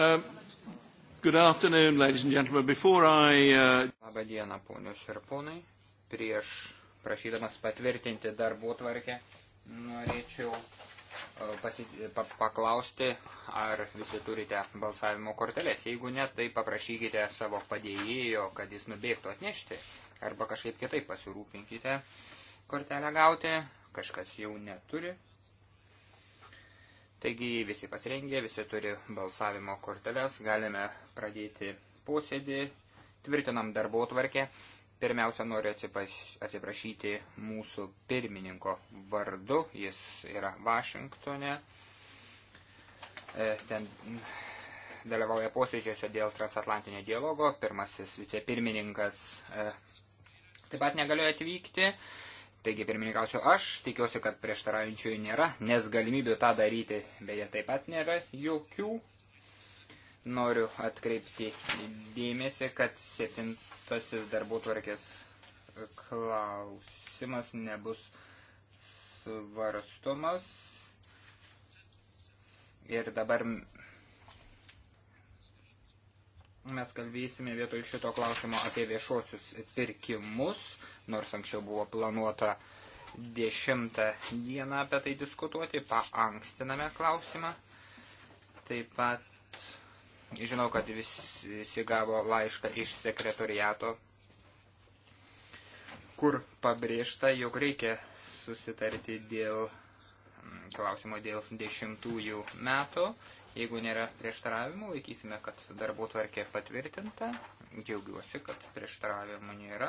Um, good afternoon, ladies and gentlemen. Before I... Uh... Labą dieną, ponios ir ponai. Prieš prašydamas patvirtinti darbo tvarkę, norėčiau uh, pasi, pa, paklausti, ar visi turite balsavimo korteles. Jeigu ne, tai paprašykite savo padėjėjo, kad jis nubėgtų atnešti, arba kažkaip kitaip pasirūpinkite kortelę gauti, kažkas jau neturi. Taigi visi pasirengė, visi turi balsavimo korteles, galime pradėti posėdį, tvirtinam darbo tvarkę. Pirmiausia, noriu atsiprašyti mūsų pirmininko vardu, jis yra Vašingtone, e, ten dalyvauja posėdžiuose dėl transatlantinio dialogo, pirmasis vicepirmininkas e, taip pat negalėjo atvykti. Taigi pirmininkausiu aš, tikiuosi, kad prieštaraujančiųjų nėra, nes galimybių tą daryti beje taip pat nėra jokių. Noriu atkreipti dėmesį, kad septintasis darbų tvarkės klausimas nebus svarstomas. Ir dabar mes kalbėsime vietoj šito klausimo apie viešuosius pirkimus, nors anksčiau buvo planuota 10 dieną apie tai diskutuoti, paankstiname klausimą. Taip pat žinau, kad visi, visi gavo laišką iš sekretoriato, kur pabrėžta, jog reikia susitarti dėl mm, klausimo dėl dešimtųjų metų. Jeigu nėra prieštaravimų, laikysime, kad darbų tvarkė patvirtinta. Džiaugiuosi, kad prieštaravimų nėra.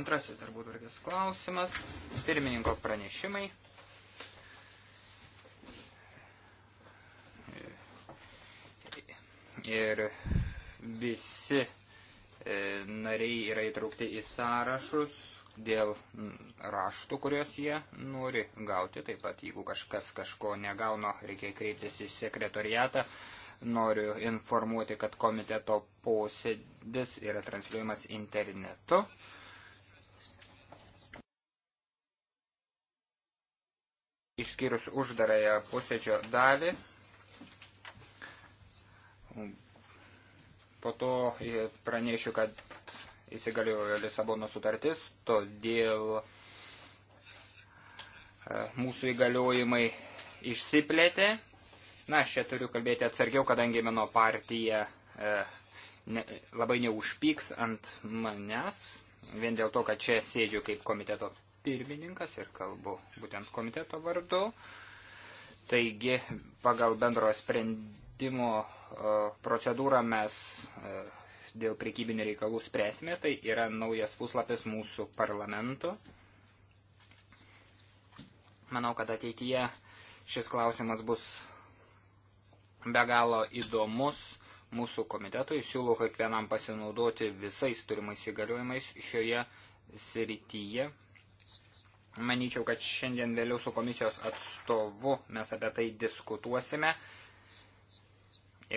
Antrasis darbų tvarkės klausimas. Pirmininko pranešimai. Ir visi e, nariai yra įtraukti į sąrašus dėl raštų, kuriuos jie nori gauti. Taip pat, jeigu kažkas kažko negauna, reikia kreiptis į sekretoriatą. Noriu informuoti, kad komiteto posėdis yra transliuojamas internetu. Išskyrus uždarąją posėdžio dalį, po to e, pranešiu, kad įsigaliojo Lisabono sutartis, todėl e, mūsų įgaliojimai išsiplėtė. Na, aš čia turiu kalbėti atsargiau, kadangi mano partija e, ne, labai neužpyks ant manęs, vien dėl to, kad čia sėdžiu kaip komiteto pirmininkas ir kalbu būtent komiteto vardu. Taigi, pagal bendro sprendimo e, procedūrą mes e, dėl prekybinių reikalų spręsime, tai yra naujas puslapis mūsų parlamento. Manau, kad ateityje šis klausimas bus be galo įdomus mūsų komitetui. Siūlau kiekvienam pasinaudoti visais turimais įgaliojimais šioje srityje. Manyčiau, kad šiandien vėliau su komisijos atstovu mes apie tai diskutuosime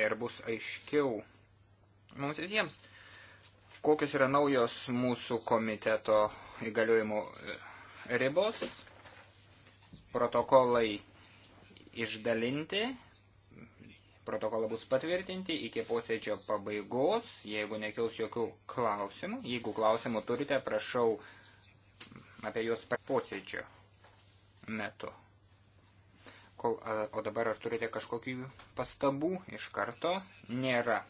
ir bus aiškiau mums visiems. Kokios yra naujos mūsų komiteto įgaliojimų e, ribos, protokolai išdalinti, protokolą bus patvirtinti iki posėdžio pabaigos, jeigu nekils jokių klausimų. Jeigu klausimų turite, prašau apie juos posėdžio metu. Kol, e, o dabar ar turite kažkokių pastabų iš karto? Nėra.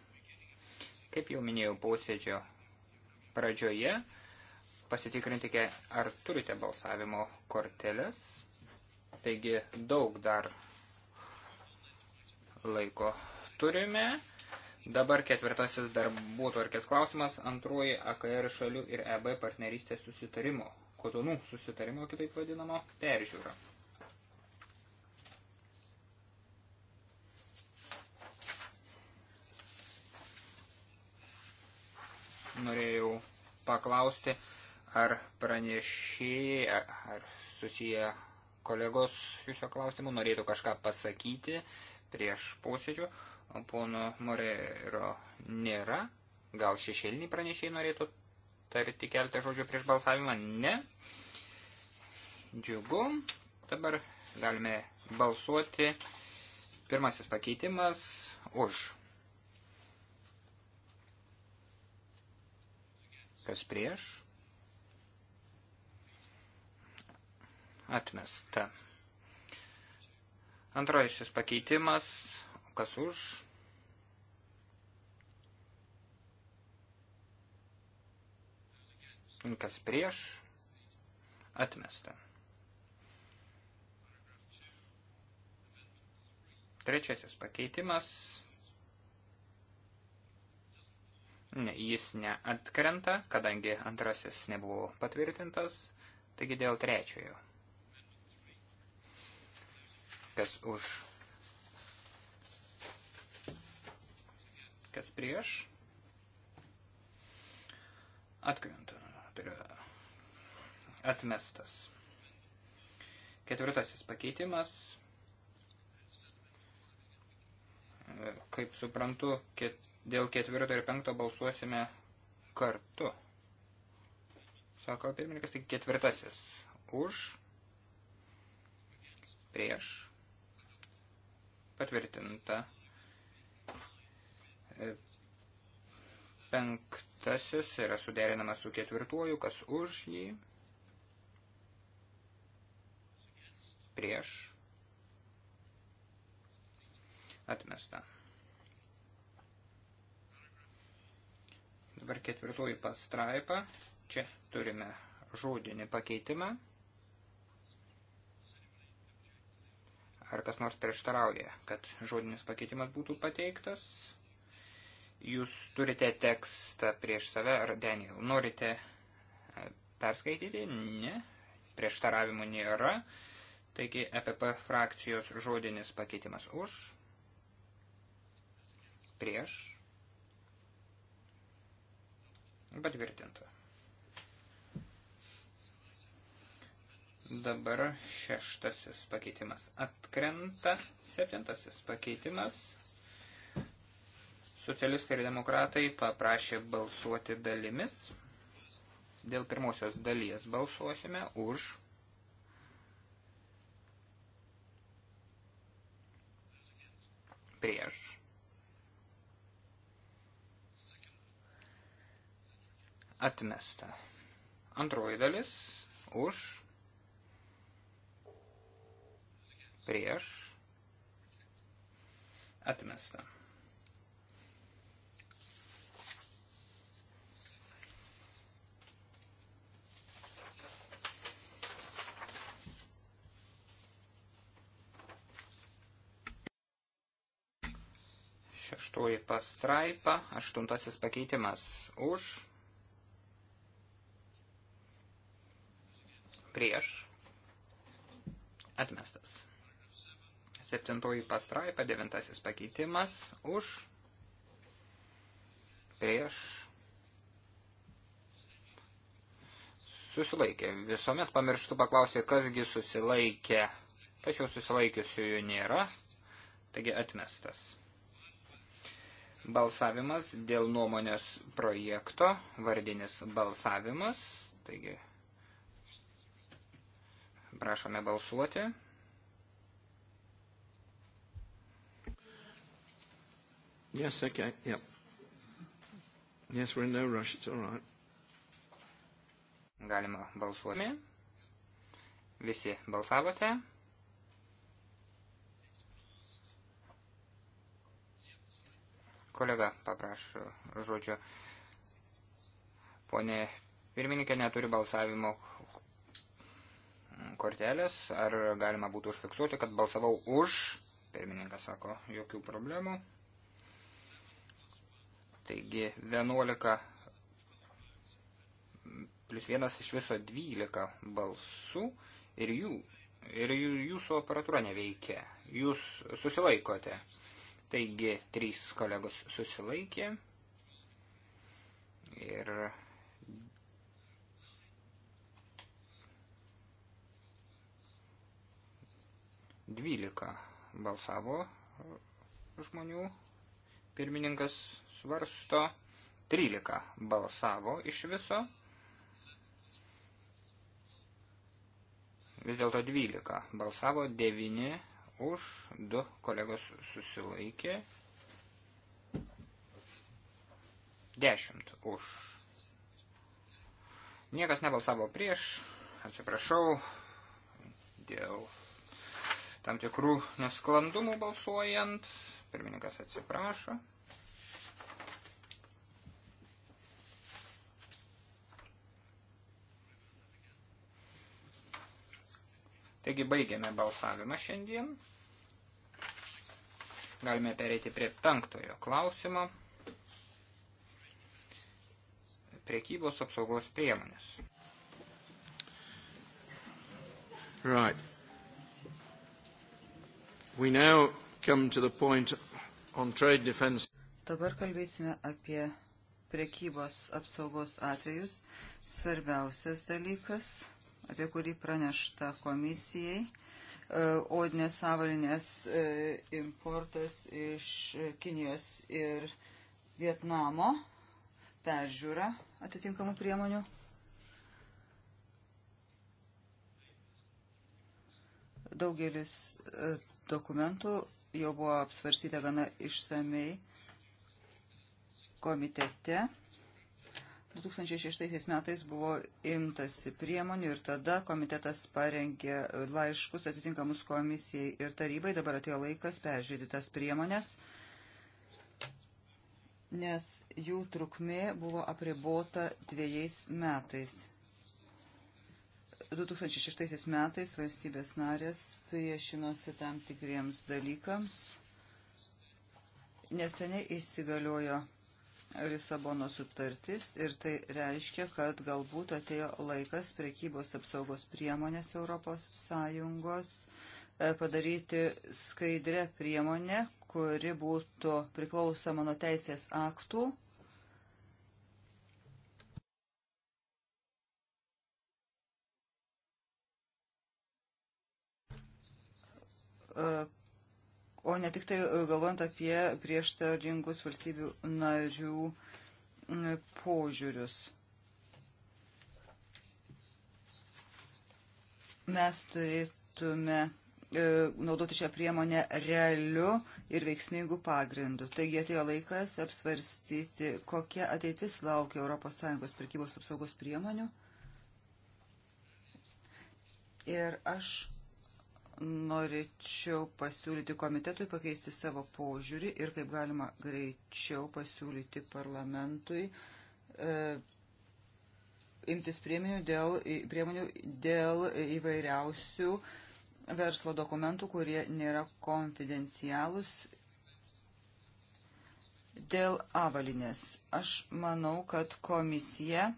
Kaip jau minėjau posėdžio pradžioje, pasitikrinkite, ar turite balsavimo korteles. Taigi daug dar laiko turime. Dabar ketvirtasis darbų tvarkės klausimas, antroji AKR šalių ir EB partnerystės susitarimo, kotonų susitarimo kitaip vadinamo, peržiūra. norėjau paklausti, ar pranešėjai, ar susiję kolegos šiuo klausimu norėtų kažką pasakyti prieš posėdžių. Pono Morero nėra. Gal šešėliniai pranešėjai norėtų tarti keltą žodžių prieš balsavimą? Ne. Džiugu. Dabar galime balsuoti. Pirmasis pakeitimas už. kas prieš, atmesta. Antrojisis pakeitimas, kas už, kas prieš, atmesta. Trečiasis pakeitimas, Ne, jis neatkrenta, kadangi antrasis nebuvo patvirtintas, taigi dėl trečiojo. Kas už? Kas prieš? Atkrenta. Tai atmestas. Ketvirtasis pakeitimas. Kaip suprantu, kit Dėl ketvirto ir penkto balsuosime kartu. Sako pirmininkas, tai ketvirtasis. Už, prieš, patvirtinta. E, penktasis yra suderinamas su ketvirtuoju, kas už jį, prieš, atmesta. Dabar ketvirtoji pastraipa. Čia turime žodinį pakeitimą. Ar kas nors prieštarauja, kad žodinis pakeitimas būtų pateiktas? Jūs turite tekstą prieš save, ar Daniel, norite e, perskaityti? Ne, prieštaravimų nėra. Taigi EPP frakcijos žodinis pakeitimas už, prieš, Patvirtinta. Dabar šeštasis pakeitimas atkrenta, septintasis pakeitimas. Socialistai ir demokratai paprašė balsuoti dalimis. Dėl pirmosios dalies balsuosime už prieš atmesta. Antroji dalis už, prieš, atmesta. šeštoji pastraipa, aštuntasis pakeitimas už, prieš atmestas. Septintoji pastraipa, devintasis pakeitimas už prieš susilaikė. Visuomet pamirštu paklausti, kasgi susilaikė, tačiau susilaikiusiųjų nėra, taigi atmestas. Balsavimas dėl nuomonės projekto, vardinis balsavimas, taigi Prašome balsuoti. Yes, okay, yep. Yes, we're in no rush, it's all right. Galima balsuoti. Visi balsavote. Kolega paprašo žodžio. Pone pirmininkė neturi balsavimo kortelės, ar galima būtų užfiksuoti, kad balsavau už, pirmininkas sako, jokių problemų. Taigi 11 plus 1 iš viso 12 balsų ir, jų, ir jų, jūsų aparatūra neveikia, jūs susilaikote. Taigi 3 kolegos susilaikė ir 12 balsavo žmonių, pirmininkas svarsto, 13 balsavo iš viso, vis dėlto 12 balsavo, 9 už, 2 kolegos susilaikė, 10 už. Niekas nebalsavo prieš, atsiprašau, dėl tam tikrų nesklandumų balsuojant. Pirmininkas atsiprašo. Taigi baigėme balsavimą šiandien. Galime pereiti prie penktojo klausimo. Priekybos apsaugos priemonės. Right. We now come to the point on trade defense. Dabar kalbėsime apie prekybos apsaugos atvejus. Svarbiausias dalykas, apie kurį pranešta komisijai, e, odinės avalinės e, importas iš Kinijos ir Vietnamo, peržiūra atitinkamų priemonių. Daugelis e, dokumentų jau buvo apsvarstyta gana išsamei komitete. 2006 metais buvo imtasi priemonių ir tada komitetas parengė laiškus atitinkamus komisijai ir tarybai. Dabar atėjo laikas peržiūrėti tas priemonės, nes jų trukmė buvo apribota dviejais metais. 2006 metais valstybės narės priešinosi tam tikriems dalykams. Neseniai įsigaliojo Lisabono sutartis ir tai reiškia, kad galbūt atėjo laikas prekybos apsaugos priemonės Europos Sąjungos e, padaryti skaidrę priemonę, kuri būtų priklausoma nuo teisės aktų o ne tik tai e, galvojant apie prieštaringus valstybių narių požiūrius. Mes turėtume e, naudoti šią priemonę realiu ir veiksmingu pagrindu. Taigi atėjo laikas apsvarstyti, kokia ateitis laukia ES prekybos apsaugos priemonių. Ir aš norėčiau pasiūlyti komitetui pakeisti savo požiūrį ir kaip galima greičiau pasiūlyti parlamentui e, imtis priemonių dėl, priemonių dėl įvairiausių verslo dokumentų, kurie nėra konfidencialūs. Dėl avalinės. Aš manau, kad komisija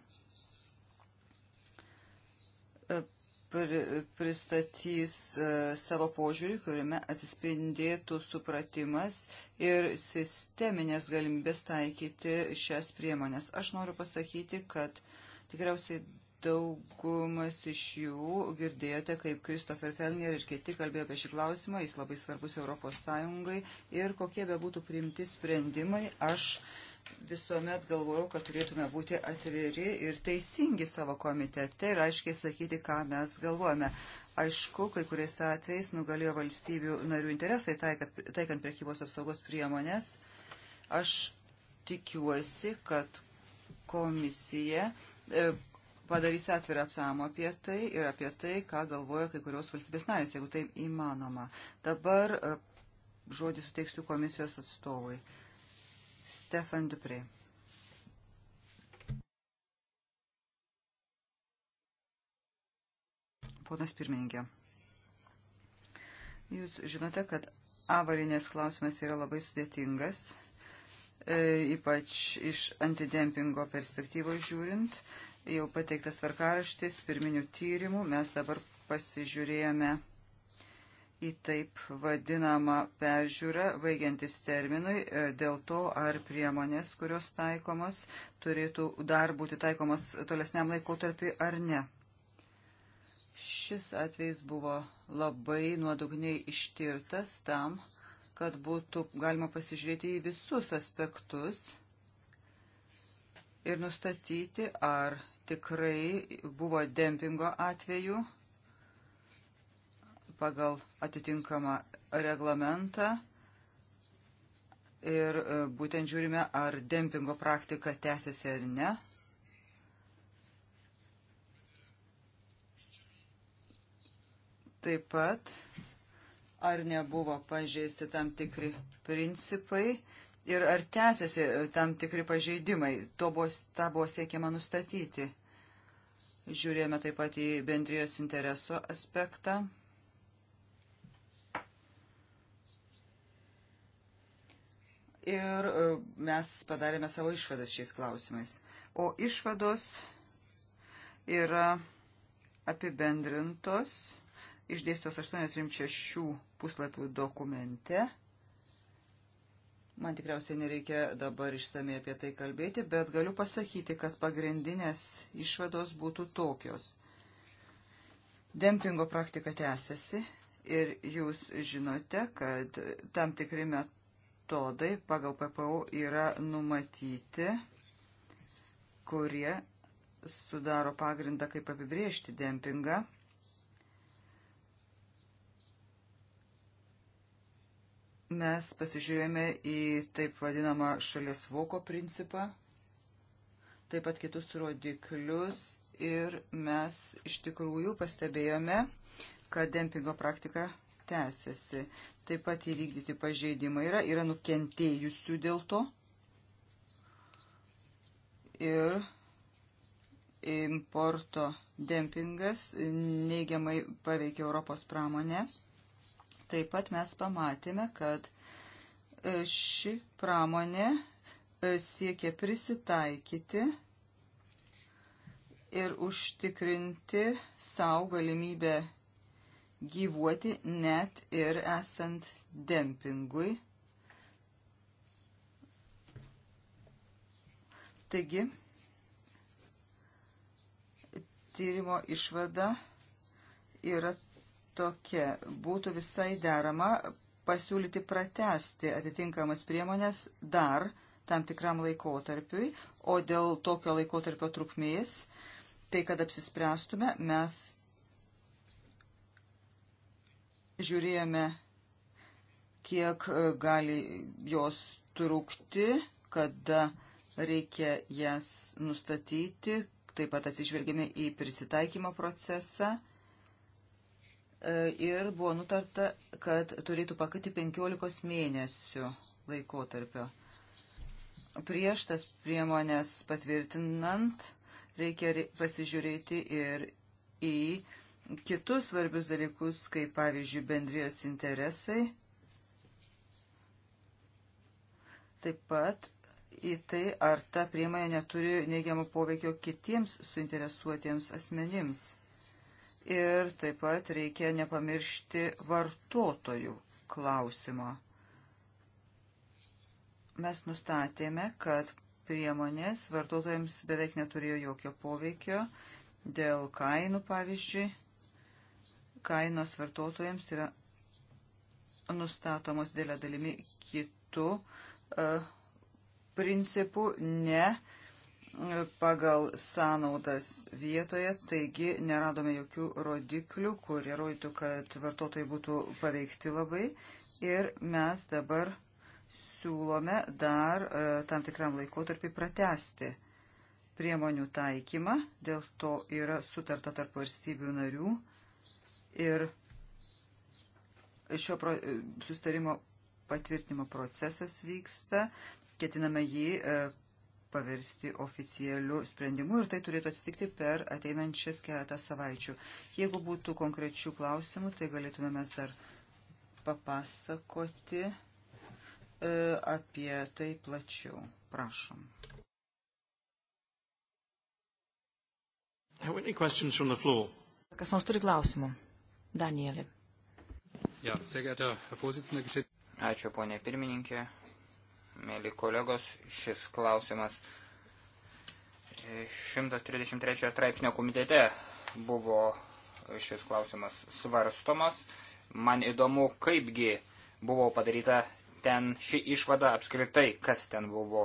pristatys e, savo požiūrį, kuriame atsispindėtų supratimas ir sisteminės galimybės taikyti šias priemonės. Aš noriu pasakyti, kad tikriausiai daugumas iš jų girdėjote, kaip Kristofer Felner ir kiti kalbėjo apie šį klausimą, jis labai svarbus Europos Sąjungai ir kokie be būtų priimti sprendimai, aš uh, visuomet galvojau, kad turėtume būti atviri ir teisingi savo komitete ir aiškiai sakyti, ką mes galvojame. Aišku, kai kuriais atvejais nugalėjo valstybių narių interesai taikant priekybos apsaugos priemonės. Aš tikiuosi, kad komisija e, padarys atvirą apsamą apie tai ir apie tai, ką galvoja kai kurios valstybės narės, jeigu tai įmanoma. Dabar e, žodį suteiksiu komisijos atstovui. Stefan Dupré. Ponas pirmininkė, jūs žinote, kad avarinės klausimas yra labai sudėtingas, e, ypač iš antidempingo perspektyvos žiūrint. Jau pateiktas tvarkaraštis pirminių tyrimų, mes dabar pasižiūrėjome į taip vadinamą peržiūrą, vaigiantis terminui, e, dėl to, ar priemonės, kurios taikomos, turėtų dar būti taikomos tolesniam laikotarpiu ar ne. Šis atvejs buvo labai nuodugniai ištirtas tam, kad būtų galima pasižiūrėti į visus aspektus ir nustatyti, ar tikrai buvo dempingo atveju pagal atitinkamą reglamentą ir e, būtent žiūrime, ar dempingo praktika tęsiasi ar ne. Taip pat, ar nebuvo pažeisti tam tikri principai ir ar tęsiasi e, tam tikri pažeidimai. To buvo, tą buvo siekiama nustatyti. Žiūrėjome taip pat į bendrijos interesų aspektą. ir e, mes padarėme savo išvadas šiais klausimais. O išvados yra apibendrintos, išdėstos 86 puslapių dokumente. Man tikriausiai nereikia dabar išsamei apie tai kalbėti, bet galiu pasakyti, kad pagrindinės išvados būtų tokios. Dempingo praktika tęsiasi ir jūs žinote, kad tam tikri met metodai pagal PPO yra numatyti, kurie sudaro pagrindą, kaip apibriežti dempingą. Mes pasižiūrėjome į taip vadinamą šalies voko principą, taip pat kitus rodiklius ir mes iš tikrųjų pastebėjome, kad dempingo praktika tęsiasi. Taip pat įvykdyti pažeidimai yra, yra nukentėjusių dėl to ir importo dempingas neigiamai paveikė Europos pramonę. Taip pat mes pamatėme, kad e, ši pramonė e, siekia prisitaikyti ir užtikrinti savo galimybę gyvuoti net ir esant dempingui. Taigi, tyrimo išvada yra tokia. Būtų visai derama pasiūlyti pratesti atitinkamas priemonės dar tam tikram laikotarpiui, o dėl tokio laikotarpio trukmės, tai kad apsispręstume, mes Žiūrėjome, kiek e, gali jos trukti, kada reikia jas nustatyti, taip pat atsižvelgėme į prisitaikymo procesą e, ir buvo nutarta, kad turėtų pakati 15 mėnesių laikotarpio. Prieš tas priemonės patvirtinant reikia pasižiūrėti ir į kitus svarbius dalykus, kaip pavyzdžiui bendrijos interesai. Taip pat į tai, ar ta priemonė neturi neigiamo poveikio kitiems suinteresuotiems asmenims. Ir taip pat reikia nepamiršti vartotojų klausimo. Mes nustatėme, kad priemonės vartotojams beveik neturėjo jokio poveikio dėl kainų, pavyzdžiui kainos vartotojams yra nustatomos dėlė dalimi kitų e, principų, ne e, pagal sąnaudas vietoje, taigi neradome jokių rodiklių, kurie rodytų, kad vartotojai būtų paveikti labai. Ir mes dabar siūlome dar e, tam tikram laikotarpį pratesti priemonių taikymą, dėl to yra sutarta tarp valstybių narių ir šio pro, sustarimo patvirtinimo procesas vyksta. Ketiname jį e, paversti oficialiu sprendimu ir tai turėtų atsitikti per ateinančias keletą savaičių. Jeigu būtų konkrečių klausimų, tai galėtume mes dar papasakoti e, apie tai plačiau. Prašom. Kas nors turi klausimų? Danielį. Ja, Ačiū, ponė pirmininkė. Mėly kolegos, šis klausimas 133 e, straipsnio komitete buvo e, šis klausimas svarstomas. Man įdomu, kaipgi buvo padaryta ten ši išvada apskritai, kas ten buvo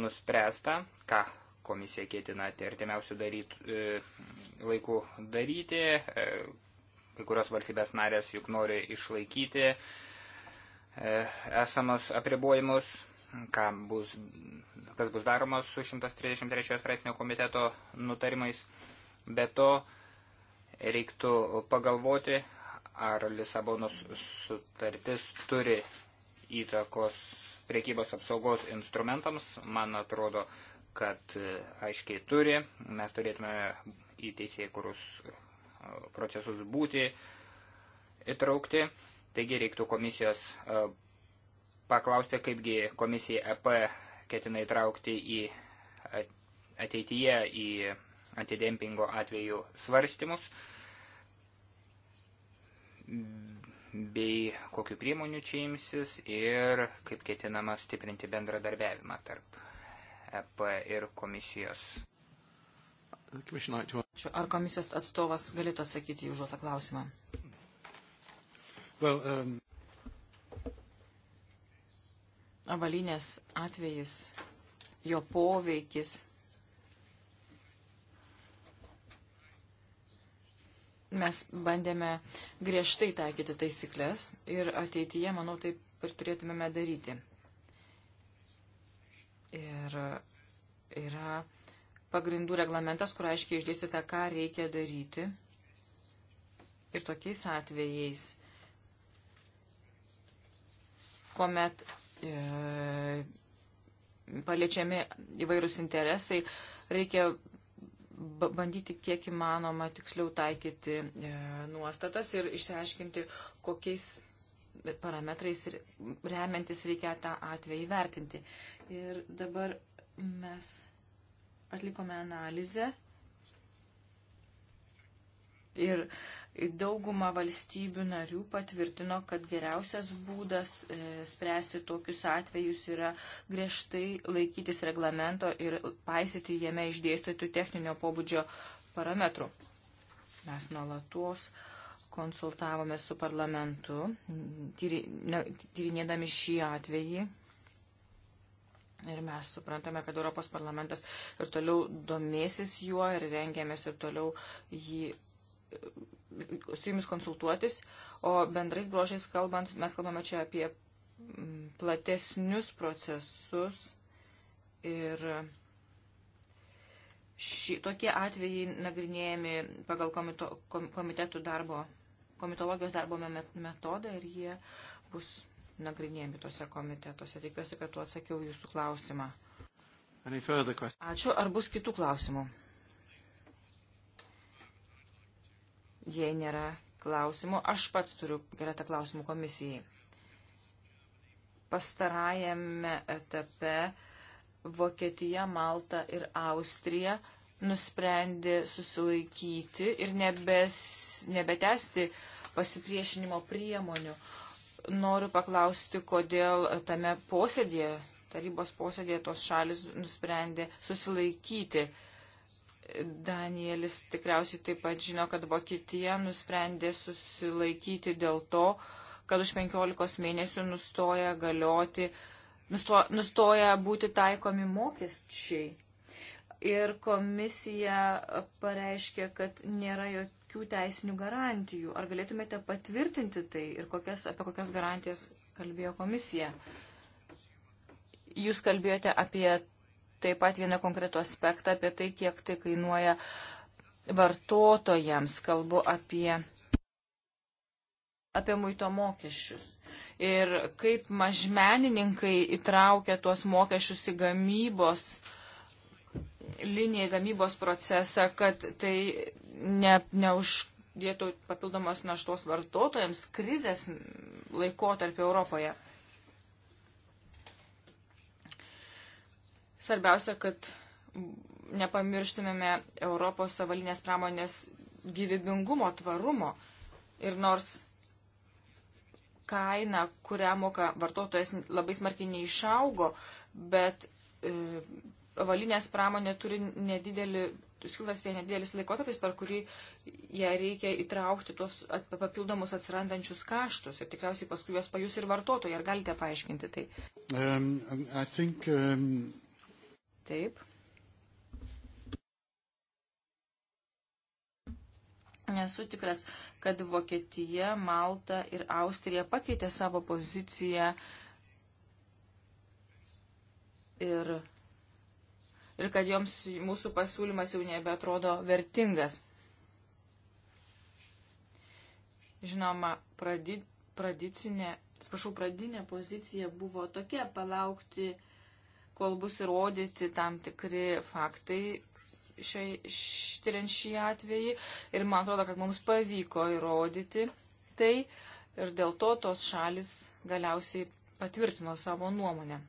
nuspręsta, ką komisija ketina artimiausių daryti, e, laikų daryti, kai kurios valstybės narės juk nori išlaikyti e, esamas apribojimus, bus, kas bus daroma su 133 straipsnio komiteto nutarimais. Be to, reiktų pagalvoti, ar Lisabonos sutartis turi įtakos priekybos apsaugos instrumentams. Man atrodo, kad e, aiškiai turi. Mes turėtume į teisėjų kurus procesus būti įtraukti. Taigi reiktų komisijos e, paklausti, kaipgi komisija EP ketina įtraukti į ateityje į antidempingo atvejų svarstymus bei kokiu priemonių čia imsis ir kaip ketinama stiprinti bendradarbiavimą tarp EP ir komisijos. Ar komisijos atstovas galėtų atsakyti į užduotą klausimą? Well, um... Avalinės atvejis, jo poveikis. Mes bandėme griežtai taikyti taisyklės ir ateityje, manau, taip ir turėtumėme daryti. Ir yra pagrindų reglamentas, kur aiškiai išdėstyta, ką reikia daryti. Ir tokiais atvejais, kuomet e, paliečiami įvairūs interesai, reikia bandyti kiek įmanoma tiksliau taikyti e, nuostatas ir išsiaiškinti, kokiais parametrais remiantis reikia tą atvejį vertinti. Ir dabar mes atlikome analizę ir dauguma valstybių narių patvirtino, kad geriausias būdas e, spręsti tokius atvejus yra griežtai laikytis reglamento ir paisyti jame išdėstytų techninio pobūdžio parametrų. Mes nuolatos konsultavome su parlamentu, tyrinėdami šį atvejį Ir mes suprantame, kad Europos parlamentas ir toliau domėsis juo ir rengėmės ir toliau jį su jumis konsultuotis, o bendrais brožiais kalbant, mes kalbame čia apie mm, platesnius procesus ir šitokie atvejai nagrinėjami pagal komito, komitetų darbo, komitologijos darbo metodą ir jie bus nagrinėjami tose komitetuose. Tikiuosi, kad tu atsakiau jūsų klausimą. Ačiū. Ar bus kitų klausimų? Jei nėra klausimų, aš pats turiu keletą klausimų komisijai. Pastarajame etape Vokietija, Malta ir Austrija nusprendė susilaikyti ir nebes, nebetesti pasipriešinimo priemonių noriu paklausti, kodėl tame posėdėje, tarybos posėdėje tos šalis nusprendė susilaikyti. Danielis tikriausiai taip pat žino, kad Vokietija nusprendė susilaikyti dėl to, kad už 15 mėnesių nustoja galioti, nusto, nustoja būti taikomi mokesčiai ir komisija pareiškė, kad nėra jok, jokių teisinių garantijų. Ar galėtumėte patvirtinti tai ir kokias, apie kokias garantijas kalbėjo komisija? Jūs kalbėjote apie taip pat vieną konkretų aspektą, apie tai, kiek tai kainuoja vartotojams. Kalbu apie, apie muito mokesčius ir kaip mažmenininkai įtraukia tuos mokesčius į gamybos linijai gamybos procesą, kad tai ne, neuždėtų papildomos naštos vartotojams krizės laikotarpio Europoje. Svarbiausia, kad nepamirštumėme Europos savalinės pramonės gyvybingumo, tvarumo. Ir nors kaina, kurią moka vartotojas, labai smarkiai neišaugo, bet e, avalinės pramonė turi nedidelį, skilas tai nedidelis laikotarpis, per kurį ją reikia įtraukti tuos papildomus atsirandančius kaštus ir tikriausiai paskui juos pajus ir vartotojai. Ar galite paaiškinti tai? Um, think, um... Taip. Nesu tikras, kad Vokietija, Malta ir Austrija pakeitė savo poziciją ir ir kad joms mūsų pasiūlymas jau nebeatrodo vertingas. Žinoma, pradi, pradicinė, sprašau, pradinė pozicija buvo tokia palaukti, kol bus įrodyti tam tikri faktai ištiriant šį atvejį. Ir man atrodo, kad mums pavyko įrodyti tai ir dėl to tos šalis galiausiai patvirtino savo nuomonę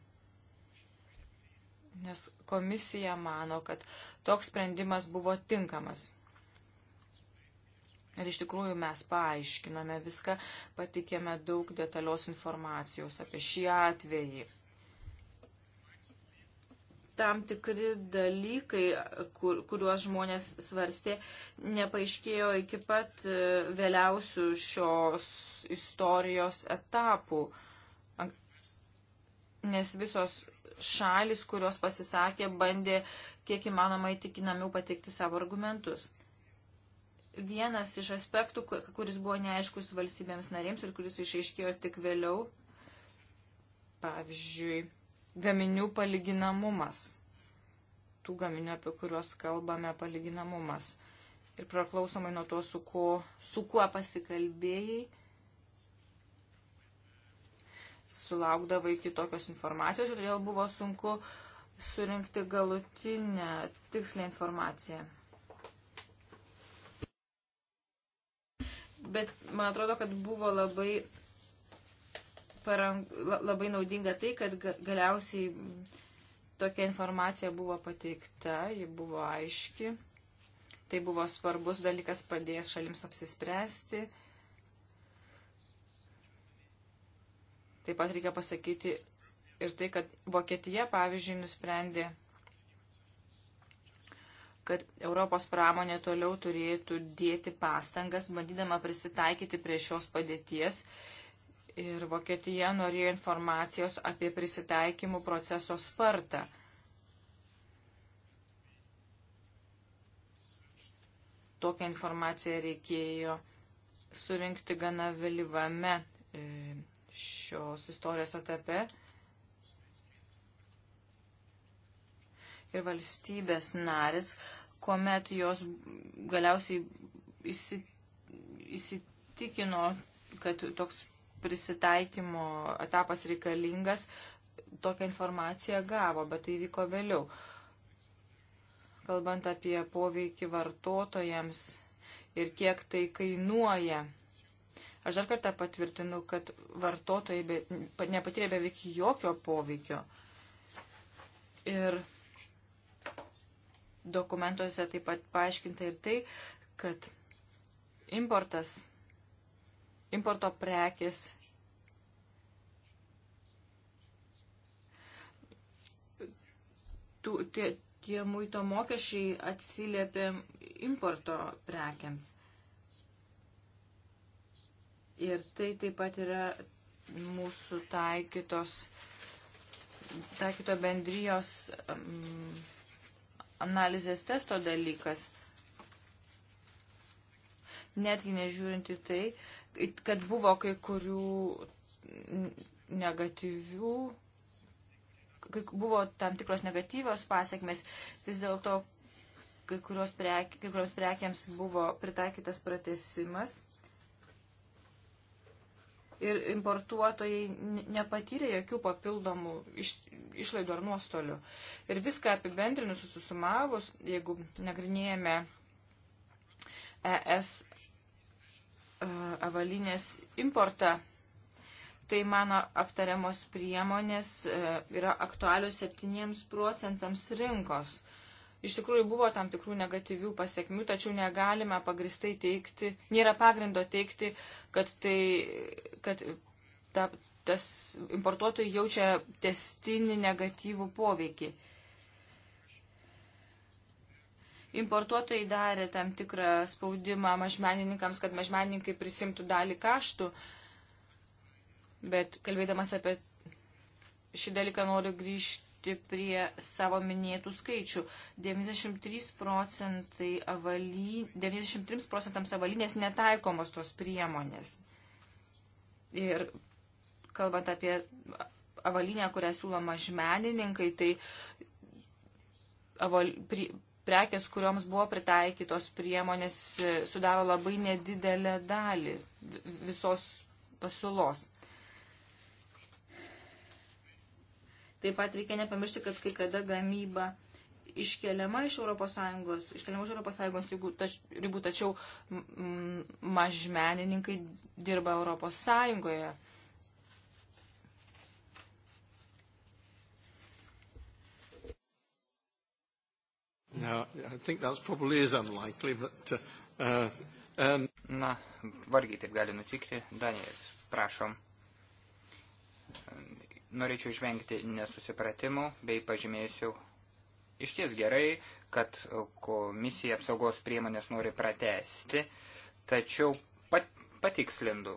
nes komisija mano, kad toks sprendimas buvo tinkamas. Ir iš tikrųjų mes paaiškinome viską, patikėme daug detalios informacijos apie šį atvejį. Tam tikri dalykai, kur, kuriuos žmonės svarstė, nepaaiškėjo iki pat e, vėliausių šios istorijos etapų, nes visos šalis, kurios pasisakė, bandė kiek įmanoma įtikinamiau pateikti savo argumentus. Vienas iš aspektų, kuris buvo neaiškus valstybėms narėms ir kuris išaiškėjo tik vėliau, pavyzdžiui, gaminių palyginamumas. Tų gaminių, apie kuriuos kalbame, palyginamumas. Ir praklausomai nuo to, su kuo, su kuo pasikalbėjai, sulaukdavai kitokios informacijos ir todėl buvo sunku surinkti galutinę tikslę informaciją. Bet man atrodo, kad buvo labai, parang, labai naudinga tai, kad galiausiai tokia informacija buvo pateikta, ji buvo aiški. Tai buvo svarbus dalykas, padės šalims apsispręsti. Taip pat reikia pasakyti ir tai, kad Vokietija, pavyzdžiui, nusprendė, kad Europos pramonė toliau turėtų dėti pastangas, bandydama prisitaikyti prie šios padėties. Ir Vokietija norėjo informacijos apie prisitaikymų proceso spartą. Tokią informaciją reikėjo surinkti gana vėlyvame e, šios istorijos etape. Ir valstybės narės, kuomet jos galiausiai įsitikino, kad toks prisitaikymo etapas reikalingas, tokią informaciją gavo, bet tai vyko vėliau. Kalbant apie poveikį vartotojams ir kiek tai kainuoja Aš dar kartą patvirtinu, kad vartotojai be, nepatyrė beveik jokio poveikio. Ir dokumentuose taip pat paaiškinta ir tai, kad importas, importo prekis tų, tie, tie muito mokesčiai atsiliepia importo prekiams. Ir tai taip pat yra mūsų taikytos, taikyto bendrijos um, analizės testo dalykas. Netgi nežiūrint į tai, kad buvo kai kurių negatyvių, kai buvo tam tikros negatyvios pasiekmes, vis dėlto kai, prek, kai kurios prekiams buvo pritaikytas pratesimas ir importuotojai nepatyrė jokių papildomų iš, išlaidų ar nuostolių. Ir viską apibendrinus susumavus, jeigu nagrinėjame ES e, avalinės importą, tai mano aptariamos priemonės e, yra aktualius 7 procentams rinkos. Uh, Iš tikrųjų buvo tam tikrų negatyvių pasiekmių, tačiau negalime pagristai teikti, nėra pagrindo teikti, kad, tai, kad ta, tas importuotojai jaučia testinį negatyvų poveikį. Importuotojai darė tam tikrą spaudimą mažmenininkams, kad mažmenininkai prisimtų dalį kaštų, bet kalbėdamas apie šį dalyką noriu grįžti grįžti prie savo minėtų skaičių. 93, procentai avaly, 93 procentams avalinės netaikomos tos priemonės. Ir kalbant apie avalinę, kurią siūlo mažmenininkai, tai aval, pri, prekės, kurioms buvo pritaikytos priemonės, e, sudaro labai nedidelę dalį visos pasiūlos. Taip pat reikia nepamiršti, kad kai kada gamyba iškeliama iš ES, iškeliama iš ES ribų, tač, ribų tačiau m, mažmenininkai dirba ES. No, I think that probably is unlikely, but, uh, uh, um... Na, vargiai taip gali nutikti. Danielis, prašom. Norėčiau išvengti nesusipratimų bei pažymėjusių iš ties gerai, kad komisija apsaugos priemonės nori pratesti, tačiau pat, patikslindu,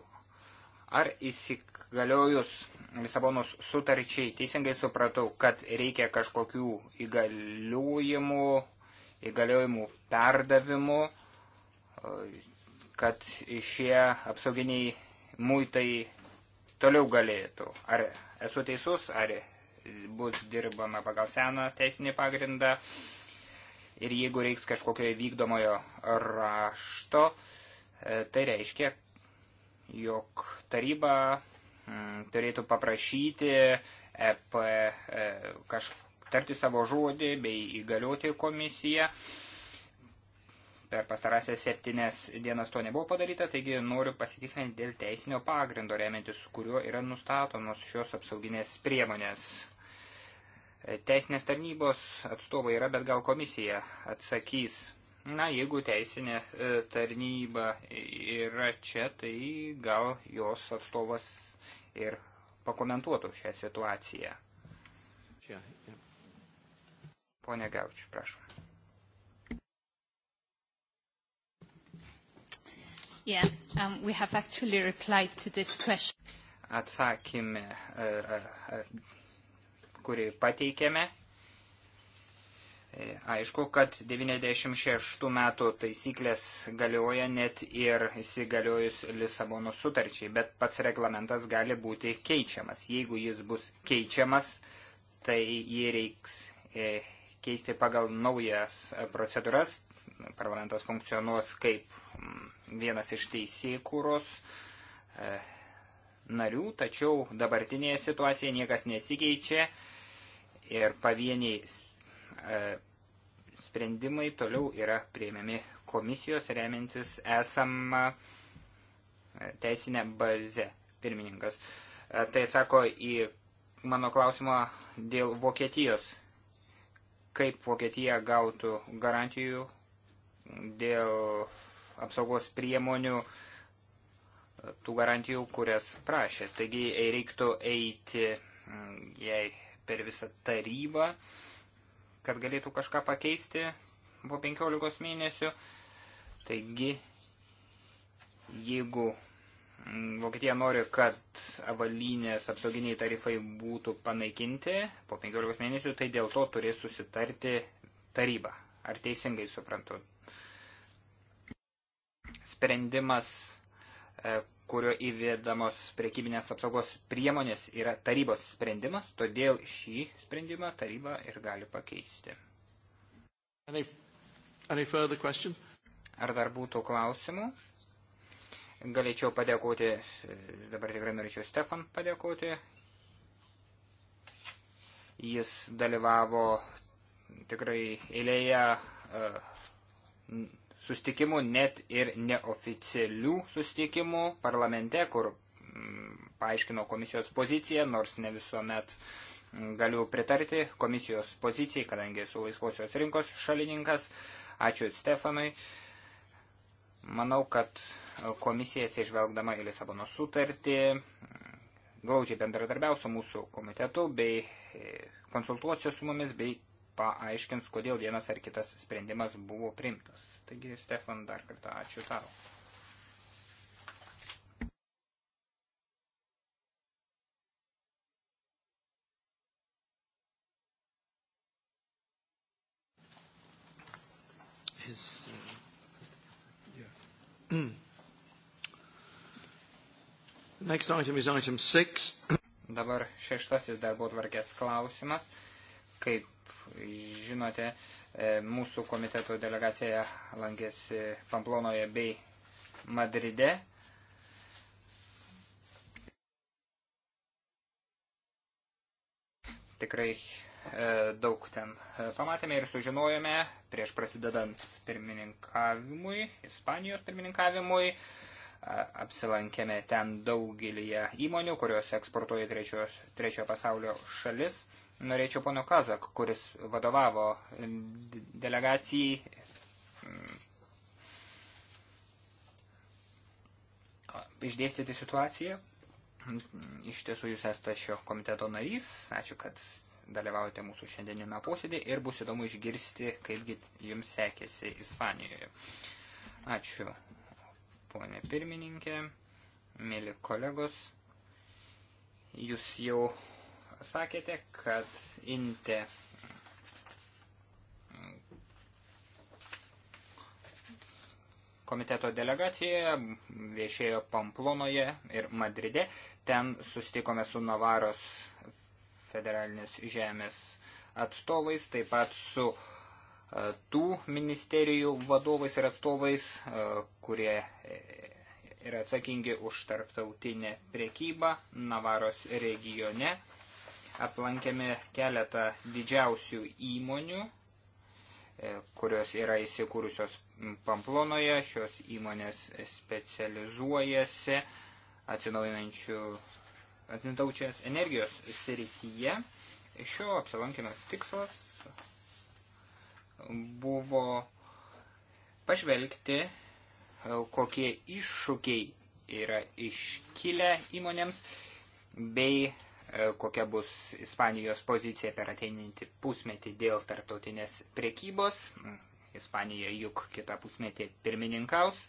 ar įsigaliojus Lisabonos sutarčiai teisingai supratau, kad reikia kažkokių įgaliojimų, įgaliojimų perdavimų, kad šie apsauginiai muitai toliau galėtų. Ar esu teisus, ar bus dirbama pagal seną teisinį pagrindą ir jeigu reiks kažkokio vykdomojo rašto, e, tai reiškia, jog taryba mm, turėtų paprašyti EP e, kažtarti savo žodį bei įgalioti komisiją per pastarąsias septynes dienas to nebuvo padaryta, taigi noriu pasitikslinti dėl teisinio pagrindo remintis, kuriuo yra nustatomos šios apsauginės priemonės. Teisinės tarnybos atstovai yra, bet gal komisija atsakys. Na, jeigu teisinė e, tarnyba yra čia, tai gal jos atstovas ir pakomentuotų šią situaciją. Pone Gaučiu, prašom. Yeah, um, we have actually replied to this question. Atsakymė, e, e, e, kurį pateikėme. Aišku, kad 96 metų taisyklės galioja net ir įsigaliojus Lisabono sutarčiai, bet pats reglamentas gali būti keičiamas. Jeigu jis bus keičiamas, tai jį reiks keisti pagal naujas procedūras. Parlamentas funkcionuos kaip mm, vienas iš teisėkūros e, narių, tačiau dabartinėje situacijoje niekas nesikeičia ir pavieniai e, sprendimai toliau yra prieimiami komisijos remiantis esamą e, teisinę bazę. Pirmininkas. Tai atsako į mano klausimą dėl Vokietijos. Kaip Vokietija gautų garantijų dėl apsaugos priemonių, tų garantijų, kurias prašė. Taigi reiktų eiti mm, jai per visą tarybą, kad galėtų kažką pakeisti po 15 mėnesių. Taigi, jeigu mm, Vokietija nori, kad avalynės apsauginiai tarifai būtų panaikinti po 15 mėnesių, tai dėl to turės susitarti taryba. Ar teisingai suprantu? sprendimas, e, kurio įvedamos priekybinės apsaugos priemonės yra tarybos sprendimas, todėl šį sprendimą taryba ir gali pakeisti. Any, any Ar dar būtų klausimų? Galėčiau padėkoti, e, dabar tikrai norėčiau Stefan padėkoti. Jis dalyvavo tikrai eilėje uh, sustikimų, net ir neoficialių sustikimų parlamente, kur m, mm, paaiškino komisijos poziciją, nors ne visuomet mm, galiu pritarti komisijos pozicijai, kadangi esu laisvosios rinkos šalininkas. Ačiū Stefanui. Manau, kad komisija atsižvelgdama į Lisabono sutartį mm, glaudžiai bendradarbiausio mūsų komitetu bei e, konsultuocijos su mumis bei paaiškins, kodėl vienas ar kitas sprendimas buvo primtas. Taigi, Stefan, dar kartą ačiū tau. Is, uh, yeah. Next item is item six. Dabar šeštasis darbo tvarkės klausimas, kaip žinote, e, mūsų komiteto delegacija lankėsi Pamplonoje bei Madride. Tikrai e, daug ten e, pamatėme ir sužinojome prieš prasidedant pirmininkavimui, Ispanijos pirmininkavimui. Apsilankėme ten daugelį įmonių, kurios eksportuoja trečios, trečiojo pasaulio šalis. Norėčiau pono Kazak, kuris vadovavo delegacijai, mm, išdėstyti situaciją. Iš tiesų jūs esate šio komiteto narys. Ačiū, kad dalyvaujate mūsų šiandienime posėdį ir bus įdomu išgirsti, kaipgi jums sekėsi Ispanijoje. Ačiū, ponė pirmininkė, mėly kolegos. Jūs jau sakėte, kad Inte komiteto delegacijoje, viešėjo Pamplonoje ir Madride. Ten sustikome su Navaros federalinės žemės atstovais, taip pat su e, tų ministerijų vadovais ir atstovais, e, kurie e, yra atsakingi už tarptautinę prekybą Navaros regione aplankėme keletą didžiausių įmonių, e, kurios yra įsikūrusios Pamplonoje. Šios įmonės specializuojasi atsinaujinančių atnitaučios energijos srityje. Šio apsilankimo tikslas buvo pažvelgti, e, kokie iššūkiai yra iškilę įmonėms bei E, kokia bus Ispanijos pozicija per ateinantį pusmetį dėl tarptautinės prekybos. Ispanija juk kitą pusmetį pirmininkaus.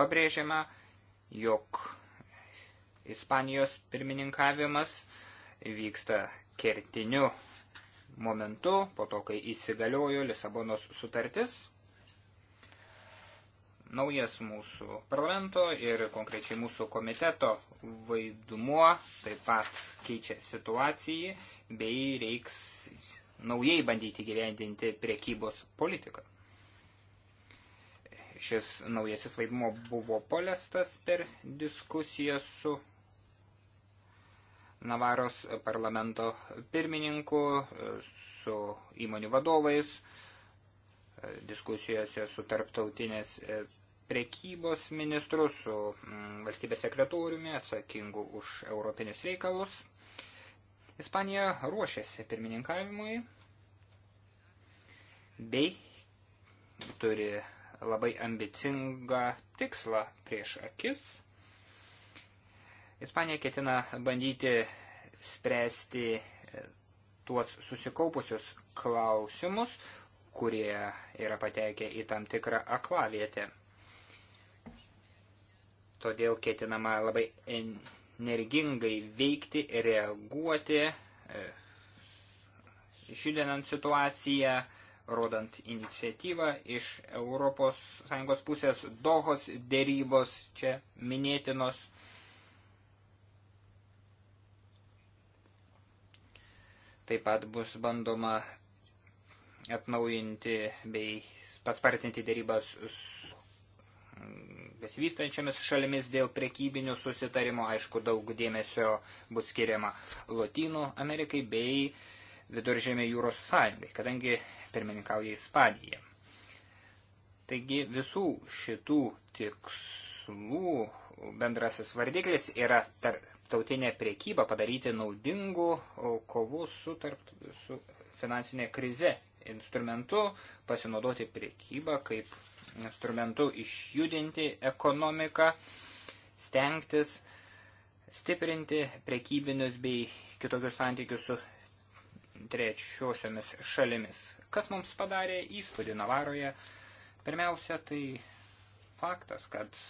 Pabrėžiama, jog Ispanijos pirmininkavimas vyksta kertiniu momentu po to, kai įsigaliojo Lisabonos sutartis, naujas mūsų parlamento ir konkrečiai mūsų komiteto vaidumuo, taip pat keičia situaciją, bei reiks naujai bandyti gyvendinti priekybos politiką. Šis naujasis vaidmuo buvo polestas per diskusiją su Navaros parlamento pirmininku, su įmonių vadovais, diskusijose su tarptautinės prekybos ministru, su mm, valstybės sekretoriumi atsakingu už europinius reikalus. Ispanija ruošiasi pirmininkavimui bei turi labai ambicingą tikslą prieš akis. Ispanija ketina bandyti spręsti tuos susikaupusius klausimus, kurie yra patekę į tam tikrą aklavietę todėl ketinama labai energingai veikti, reaguoti, e, išjudinant situaciją, rodant iniciatyvą iš ES pusės dohos dėrybos čia minėtinos. Taip pat bus bandoma atnaujinti bei paspartinti dėrybas besivystančiamis šalimis dėl prekybinių susitarimų, aišku, daug dėmesio bus skiriama Lotynų Amerikai bei Viduržėmė jūros sąjungai, kadangi pirmininkauja Ispanija. Taigi visų šitų tikslų bendrasis vardiklis yra tarptautinė priekyba padaryti naudingų kovų su, tarp, su finansinė krize instrumentu, pasinaudoti priekybą kaip instrumentu išjudinti ekonomiką, stengtis stiprinti prekybinius bei kitokius santykius su trečiosiomis šalimis. Kas mums padarė įspūdį Navaroje? Pirmiausia, tai faktas, kad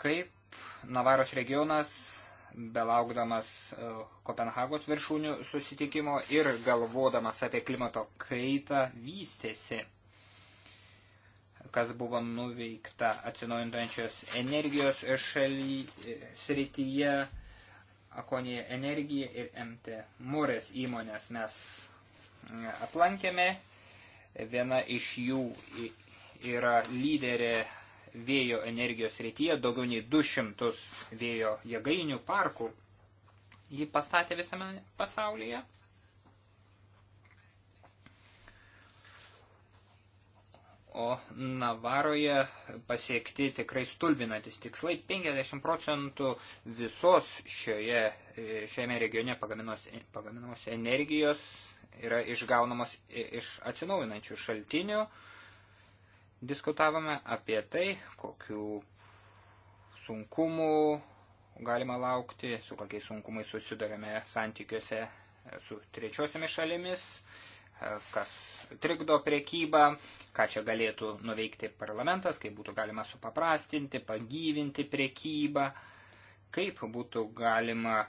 kaip Navaros regionas belaukdamas e, Kopenhagos viršūnių susitikimo ir galvodamas apie klimato kaitą vystėsi, kas buvo nuveikta atsinaujintančios energijos šaly, e, srityje, Akonija Energija ir MT Mūrės įmonės mes aplankėme. Viena iš jų yra lyderė vėjo energijos rytyje daugiau nei 200 vėjo jėgainių parkų. Ji pastatė visame pasaulyje. O Navaroje pasiekti tikrai stulbinantis tikslai 50 procentų visos šioje, e, šiame regione pagaminamos energijos yra išgaunamos iš atsinaujinančių šaltinių. Diskutavome apie tai, kokių sunkumų galima laukti, su kokiais sunkumais susidurėme santykiuose su trečiosiamis šalimis, kas trikdo priekybą, ką čia galėtų nuveikti parlamentas, kaip būtų galima supaprastinti, pagyvinti priekybą, kaip būtų galima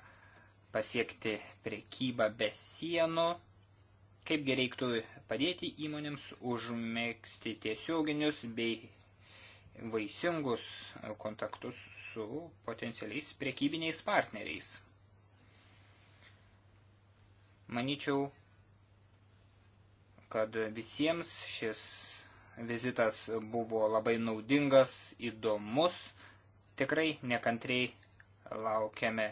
pasiekti priekybą be sienų, kaipgi reiktų padėti įmonėms užmėgsti tiesioginius bei vaisingus kontaktus su potencialiais prekybiniais partneriais. Maničiau, kad visiems šis vizitas buvo labai naudingas, įdomus. Tikrai nekantriai laukiame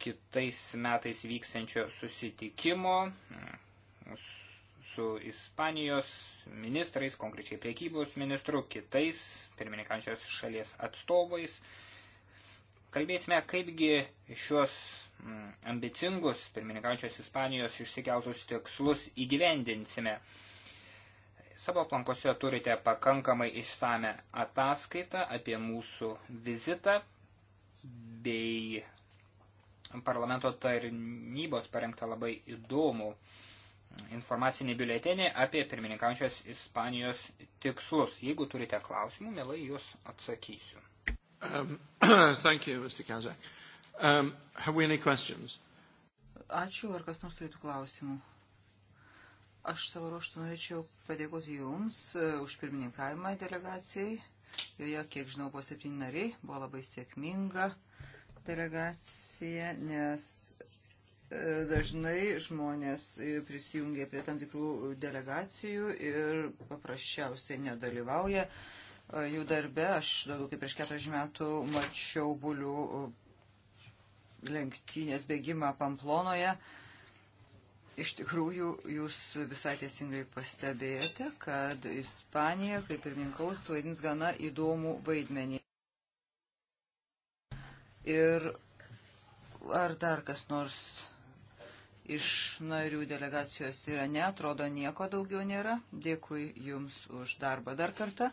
kitais metais vyksiančio susitikimo su Ispanijos ministrais, konkrečiai priekybos ministru, kitais pirmininkančios šalies atstovais. Kalbėsime, kaipgi šios mm, ambicingus pirmininkančios Ispanijos išsikeltus tikslus įgyvendinsime. Savo plankose turite pakankamai išsame ataskaitą apie mūsų vizitą bei parlamento tarnybos parengta labai įdomų informacinį biuletenį apie pirmininkaujančios Ispanijos tikslus. Jeigu turite klausimų, mielai juos atsakysiu. Um, thank you, Mr. Kazak. Um, have we any questions? Ačiū, ar kas nors turėtų klausimų? Aš savo ruoštų norėčiau padėkoti Jums e, už pirmininkavimą delegacijai. Joje, kiek žinau, buvo septyni nariai, buvo labai sėkminga. Uh, delegaciją, nes e, dažnai žmonės e, prisijungia prie tam tikrų delegacijų ir paprasčiausiai nedalyvauja e, jų darbe. Aš daugiau kaip prieš 40 metų mačiau bulių lenktynės bėgimą Pamplonoje. Iš tikrųjų, jūs visai teisingai pastebėjote, kad Ispanija, kaip ir minkaus, suvaidins gana įdomų vaidmenį. Ir ar dar kas nors iš narių delegacijos yra, ne, atrodo, nieko daugiau nėra. Dėkui Jums už darbą dar kartą.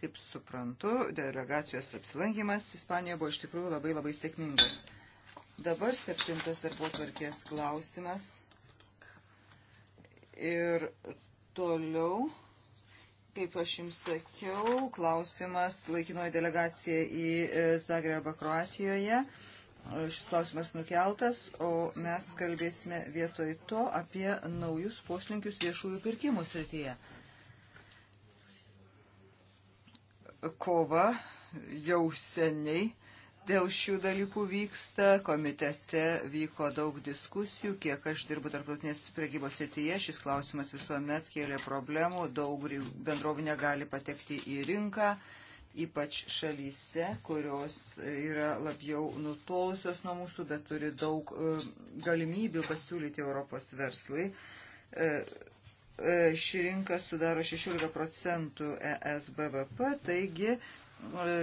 Kaip suprantu, delegacijos apsilankimas Ispanijoje buvo iš tikrųjų labai labai sėkmingas. Dabar septintas darbo tvarkės klausimas. Ir toliau Kaip aš jums sakiau, klausimas laikinoji delegacija į e, Zagrebą Kroatijoje. E, šis klausimas nukeltas, o mes kalbėsime vietoj to apie naujus poslinkius viešųjų pirkimų srityje. Kova jau seniai dėl šių dalykų vyksta. Komitete vyko daug diskusijų, kiek aš dirbu tarptautinės prekybos srityje. Šis klausimas visuomet kėlė problemų, daug bendrovų negali patekti į rinką, ypač šalyse, kurios yra labiau nutolusios nuo mūsų, bet turi daug e, galimybių pasiūlyti Europos verslui. E, e, ši rinka sudaro 16 procentų ES BVP, taigi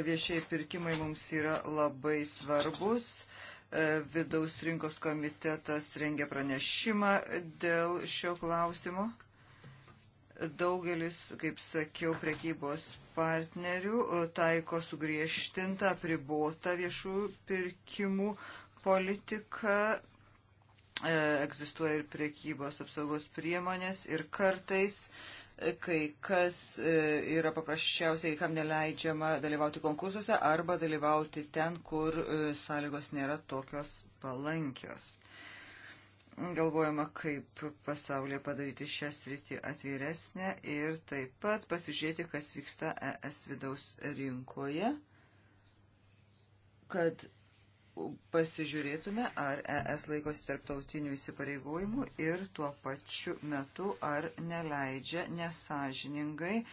Viešiai pirkimai mums yra labai svarbus. E, Vidaus rinkos komitetas rengia pranešimą dėl šio klausimo. Daugelis, kaip sakiau, prekybos partnerių e, taiko sugriežtintą, pribotą viešų pirkimų politiką e, egzistuoja ir priekybos apsaugos priemonės ir kartais kai kas e, yra paprasčiausiai, kam neleidžiama dalyvauti konkursuose arba dalyvauti ten, kur e, sąlygos nėra tokios palankios. Galvojama, kaip pasaulyje padaryti šią sritį atviresnę ir taip pat pasižiūrėti, kas vyksta ES vidaus rinkoje, kad pasižiūrėtume, ar ES laikosi tarptautinių įsipareigojimų ir tuo pačiu metu ar neleidžia nesažiningai e,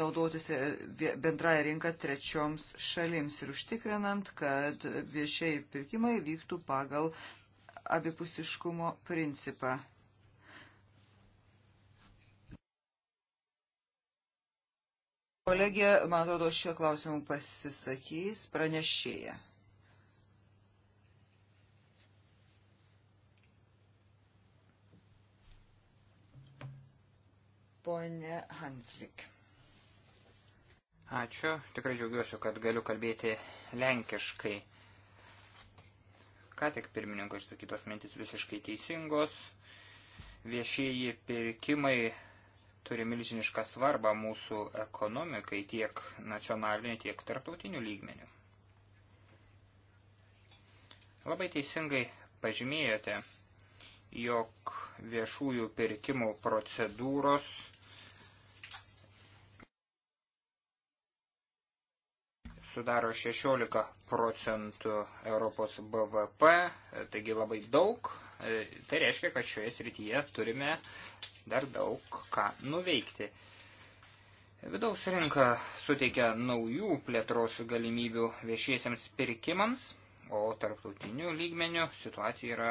naudotis e, bendrąją rinką trečioms šalims ir užtikrinant, kad viešiai pirkimai vyktų pagal abipusiškumo principą. Kolegija, man atrodo, šiuo klausimu pasisakys pranešėja. ponė Hanslik. Ačiū, tikrai džiaugiuosi, kad galiu kalbėti lenkiškai. Ką tik pirmininko išsakytos mintis visiškai teisingos. Viešieji pirkimai turi milžinišką svarbą mūsų ekonomikai tiek nacionaliniu, tiek tarptautiniu lygmeniu. Labai teisingai pažymėjote, jog viešųjų pirkimų procedūros sudaro 16 procentų Europos BVP, taigi labai daug. E, tai reiškia, kad šioje srityje turime dar daug ką nuveikti. Vidaus rinka suteikia naujų plėtros galimybių viešiesiems pirkimams, o tarptautiniu lygmeniu situacija yra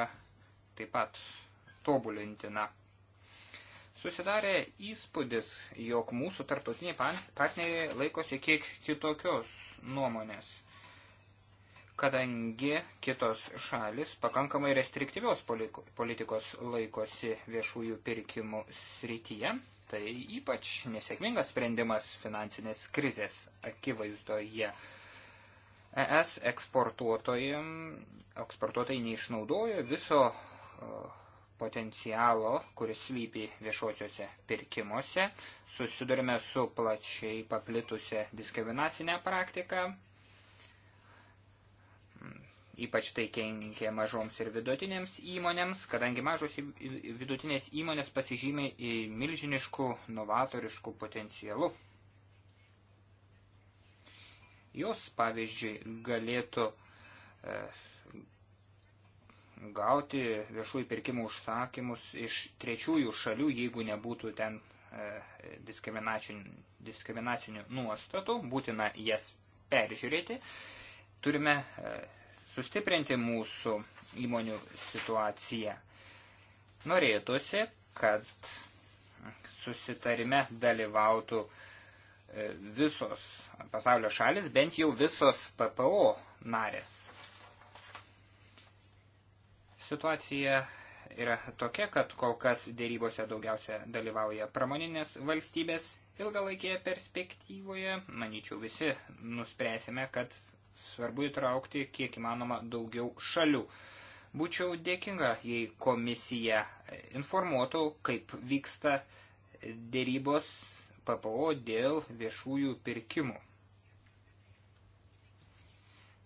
taip pat tobulintina. Susidarė įspūdis, jog mūsų tarptautiniai partneriai laikosi kiek kitokios nuomonės, kadangi kitos šalis pakankamai restriktyvios politikos laikosi viešųjų pirkimų srityje, tai ypač nesėkmingas sprendimas finansinės krizės akivaizdoje. ES eksportuotojai, eksportuotojai neišnaudojo viso uh, potencialo, kuris slypi viešuosiuose pirkimuose. Susidurime su plačiai paplitusią diskriminacinę praktiką. Ypač tai kenkia mažoms ir vidutinėms įmonėms, kadangi mažos vidutinės įmonės pasižymė į milžiniškų novatoriškų potencialų. Jos, pavyzdžiui, galėtų e, gauti viešųjų pirkimų užsakymus iš trečiųjų šalių, jeigu nebūtų ten e, diskriminacinių, diskriminacinių nuostatų, būtina jas peržiūrėti. Turime e, sustiprinti mūsų įmonių situaciją. Norėtųsi, kad susitarime dalyvautų e, visos pasaulio šalis, bent jau visos PPO narės. Situacija yra tokia, kad kol kas dėrybose daugiausia dalyvauja pramoninės valstybės. Ilgalaikėje perspektyvoje, manyčiau, visi nuspręsime, kad svarbu įtraukti kiek įmanoma daugiau šalių. Būčiau dėkinga, jei komisija informuotų, kaip vyksta dėrybos PPO dėl viešųjų pirkimų.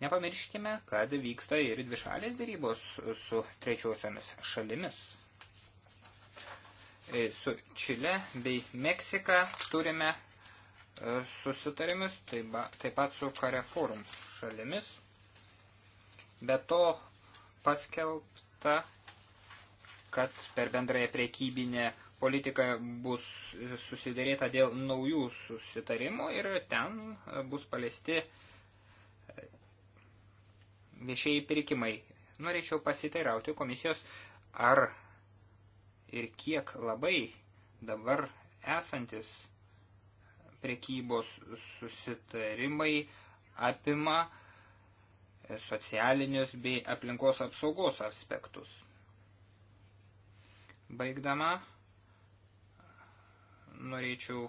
Nepamirškime, kad vyksta ir dvišalės dėrybos su trečiosiomis šalimis. E, su Čile bei Meksika turime e, susitarimus, taip pat su Kareforum šalimis. Be to paskelbta, kad per bendrąją priekybinę politiką bus susidėrėta dėl naujų susitarimų ir ten bus paliesti viešieji pirkimai. Norėčiau pasiteirauti komisijos, ar ir kiek labai dabar esantis prekybos susitarimai apima socialinius bei aplinkos apsaugos aspektus. Baigdama, norėčiau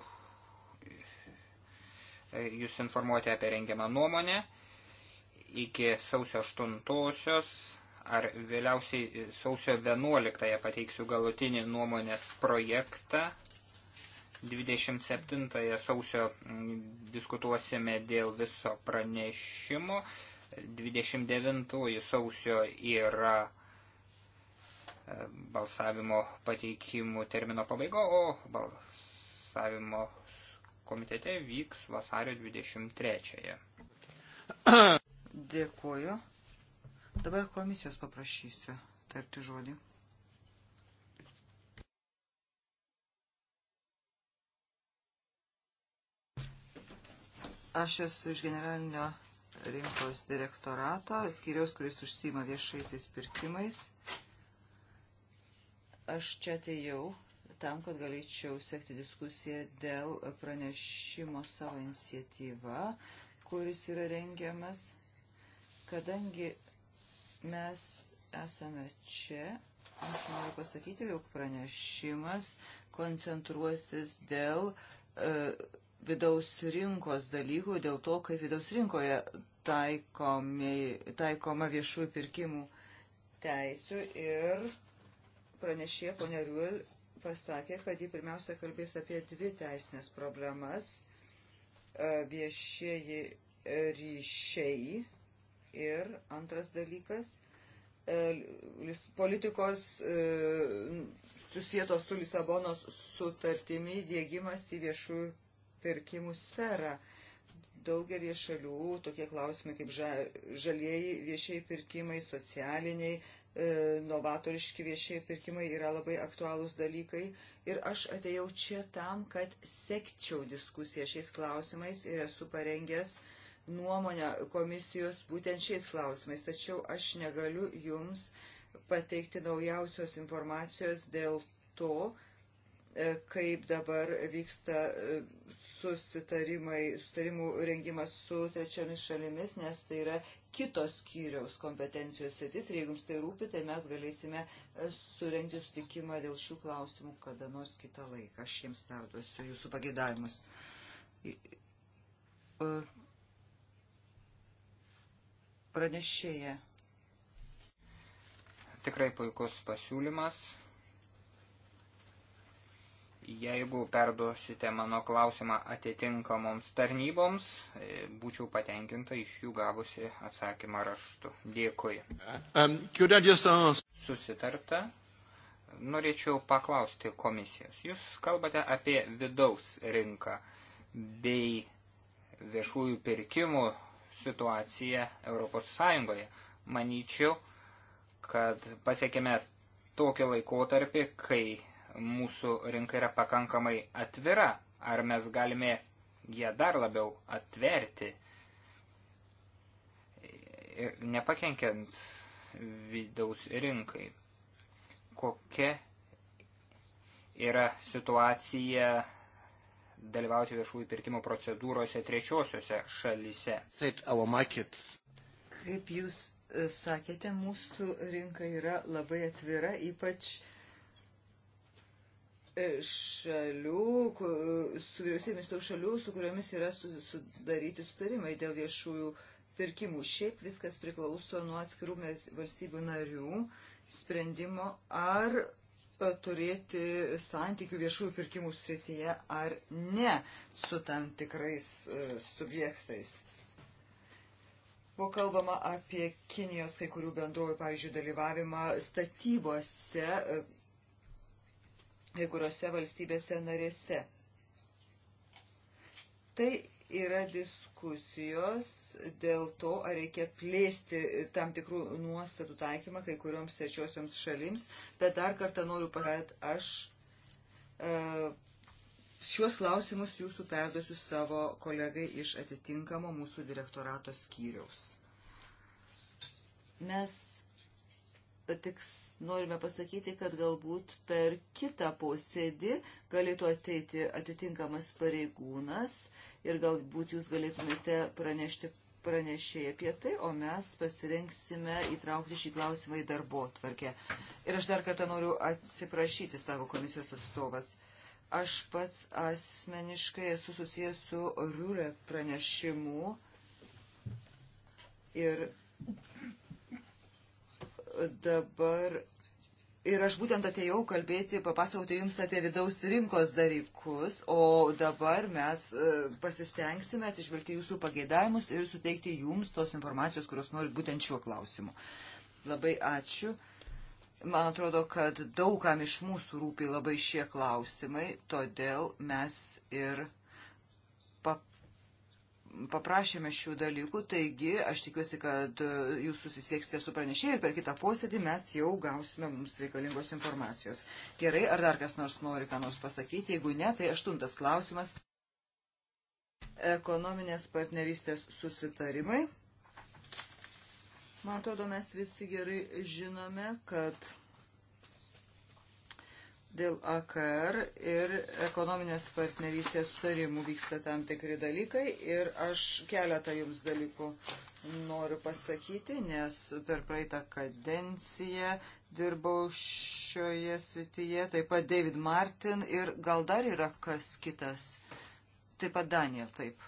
Jūs informuoti apie rengiamą nuomonę iki sausio 8-osios ar vėliausiai sausio 11-ąją pateiksiu galutinį nuomonės projektą. 27-ąją sausio mm, diskutuosime dėl viso pranešimo. 29-oji sausio yra e, balsavimo pateikimų termino pabaiga, o balsavimo komitete vyks vasario 23-ąją. Dėkuoju. Dabar komisijos paprašysiu tarti žodį. Aš esu iš generalinio rinkos direktorato, skyriaus, kuris užsima viešaisiais pirkimais. Aš čia atėjau tam, kad galėčiau sekti diskusiją dėl pranešimo savo iniciatyvą, kuris yra rengiamas Kadangi mes esame čia, aš noriu pasakyti, jog pranešimas koncentruosis dėl e, vidaus rinkos dalykų, dėl to, kaip vidaus rinkoje taikomi, taikoma viešųjų pirkimų teisų ir pranešė ponė Riul pasakė, kad jį pirmiausia kalbės apie dvi teisinės problemas e, - viešieji e, ryšiai Ir antras dalykas, e, politikos e, susijėtos su Lisabonos sutartimi dėgymas į viešų pirkimų sferą. Daugelį šalių tokie klausimai kaip žalieji viešiai pirkimai, socialiniai, e, novatoriški viešieji pirkimai yra labai aktualūs dalykai. Ir aš atėjau čia tam, kad sekčiau diskusiją šiais klausimais ir esu parengęs nuomonę komisijos būtent šiais klausimais, tačiau aš negaliu jums pateikti naujausios informacijos dėl to, e, kaip dabar vyksta e, susitarimai, susitarimų rengimas su trečiomis šalimis, nes tai yra kitos skyriaus kompetencijos sėtis ir jeigu jums tai rūpi, tai mes galėsime e, surenkti sutikimą dėl šių klausimų kada nors kitą laiką. Aš jiems perduosiu jūsų pagėdavimus pranešėja. Tikrai puikus pasiūlymas. Jeigu perduosite mano klausimą atitinkamoms tarnyboms, e, būčiau patenkinta iš jų gavusi atsakymą raštu. Dėkui. Um, Susitarta. Norėčiau paklausti komisijos. Jūs kalbate apie vidaus rinką bei viešųjų pirkimų situaciją Europos Sąjungoje. Manyčiau, kad pasiekėme tokį laikotarpį, kai mūsų rinka yra pakankamai atvira. Ar mes galime ją dar labiau atverti, nepakenkiant vidaus rinkai? Kokia yra situacija dalyvauti viešųjų pirkimų procedūrose trečiosiuose šalyse. Kaip jūs e, sakėte, mūsų rinka yra labai atvira, ypač e, šalių, su vyriausybėmis tų šalių, su kuriomis yra sudaryti sutarimai dėl viešųjų pirkimų. Šiaip viskas priklauso nuo atskirų valstybių narių sprendimo, ar turėti santykių viešųjų pirkimų srityje ar ne su tam tikrais subjektais. Buvo kalbama apie Kinijos kai kurių bendrovų, pavyzdžiui, dalyvavimą statybose kai kuriuose valstybėse narėse. Tai yra diskusijos dėl to, ar reikia plėsti tam tikrų nuostatų taikymą kai kurioms trečiosioms šalims, bet dar kartą noriu pasakyti, kad aš e, šiuos klausimus jūsų perduosiu savo kolegai iš atitinkamo mūsų direktorato skyriaus. Mes Tik norime pasakyti, kad galbūt per kitą posėdį galėtų ateiti atitinkamas pareigūnas ir galbūt jūs galėtumėte pranešti pranešėjai apie tai, o mes pasirinksime įtraukti šį klausimą į darbo tvarkę. Ir aš dar kartą noriu atsiprašyti, sako komisijos atstovas. Aš pats asmeniškai esu susijęs su Rūrė pranešimu ir dabar ir aš būtent atėjau kalbėti, papasakoti jums apie vidaus rinkos dalykus, o dabar mes e, pasistengsime atsižvelgti jūsų pageidavimus ir suteikti jums tos informacijos, kurios norit būtent šiuo klausimu. Labai ačiū. Man atrodo, kad daugam iš mūsų rūpi labai šie klausimai, todėl mes ir papasakosime paprašėme šių dalykų, taigi aš tikiuosi, kad e, jūs susisieksite su pranešėjai ir per kitą posėdį mes jau gausime mums reikalingos informacijos. Gerai, ar dar kas nors nori ką nors pasakyti, jeigu ne, tai aštuntas klausimas. Ekonominės partnerystės susitarimai. Man atrodo, mes visi gerai žinome, kad dėl AKR ir ekonominės partnerystės tarimų vyksta tam tikri dalykai ir aš keletą jums dalykų noriu pasakyti, nes per praeitą kadenciją dirbau šioje srityje, taip pat David Martin ir gal dar yra kas kitas, taip pat Daniel, taip.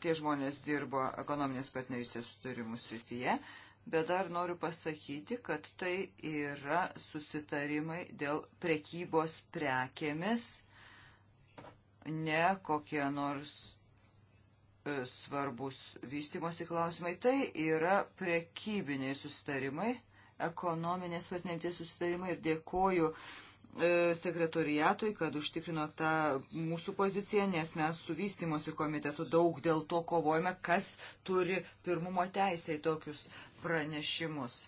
Tie žmonės dirbo ekonominės partnerystės sutarimų srityje bet dar noriu pasakyti, kad tai yra susitarimai dėl prekybos prekėmis, ne kokie nors e, svarbus vystimosi klausimai. Tai yra prekybiniai susitarimai, ekonominės partnerystės susitarimai ir dėkoju e, sekretoriatui, kad užtikrino tą mūsų poziciją, nes mes su vystimosi komitetu daug dėl to kovojame, kas turi pirmumo teisę į tokius pranešimus.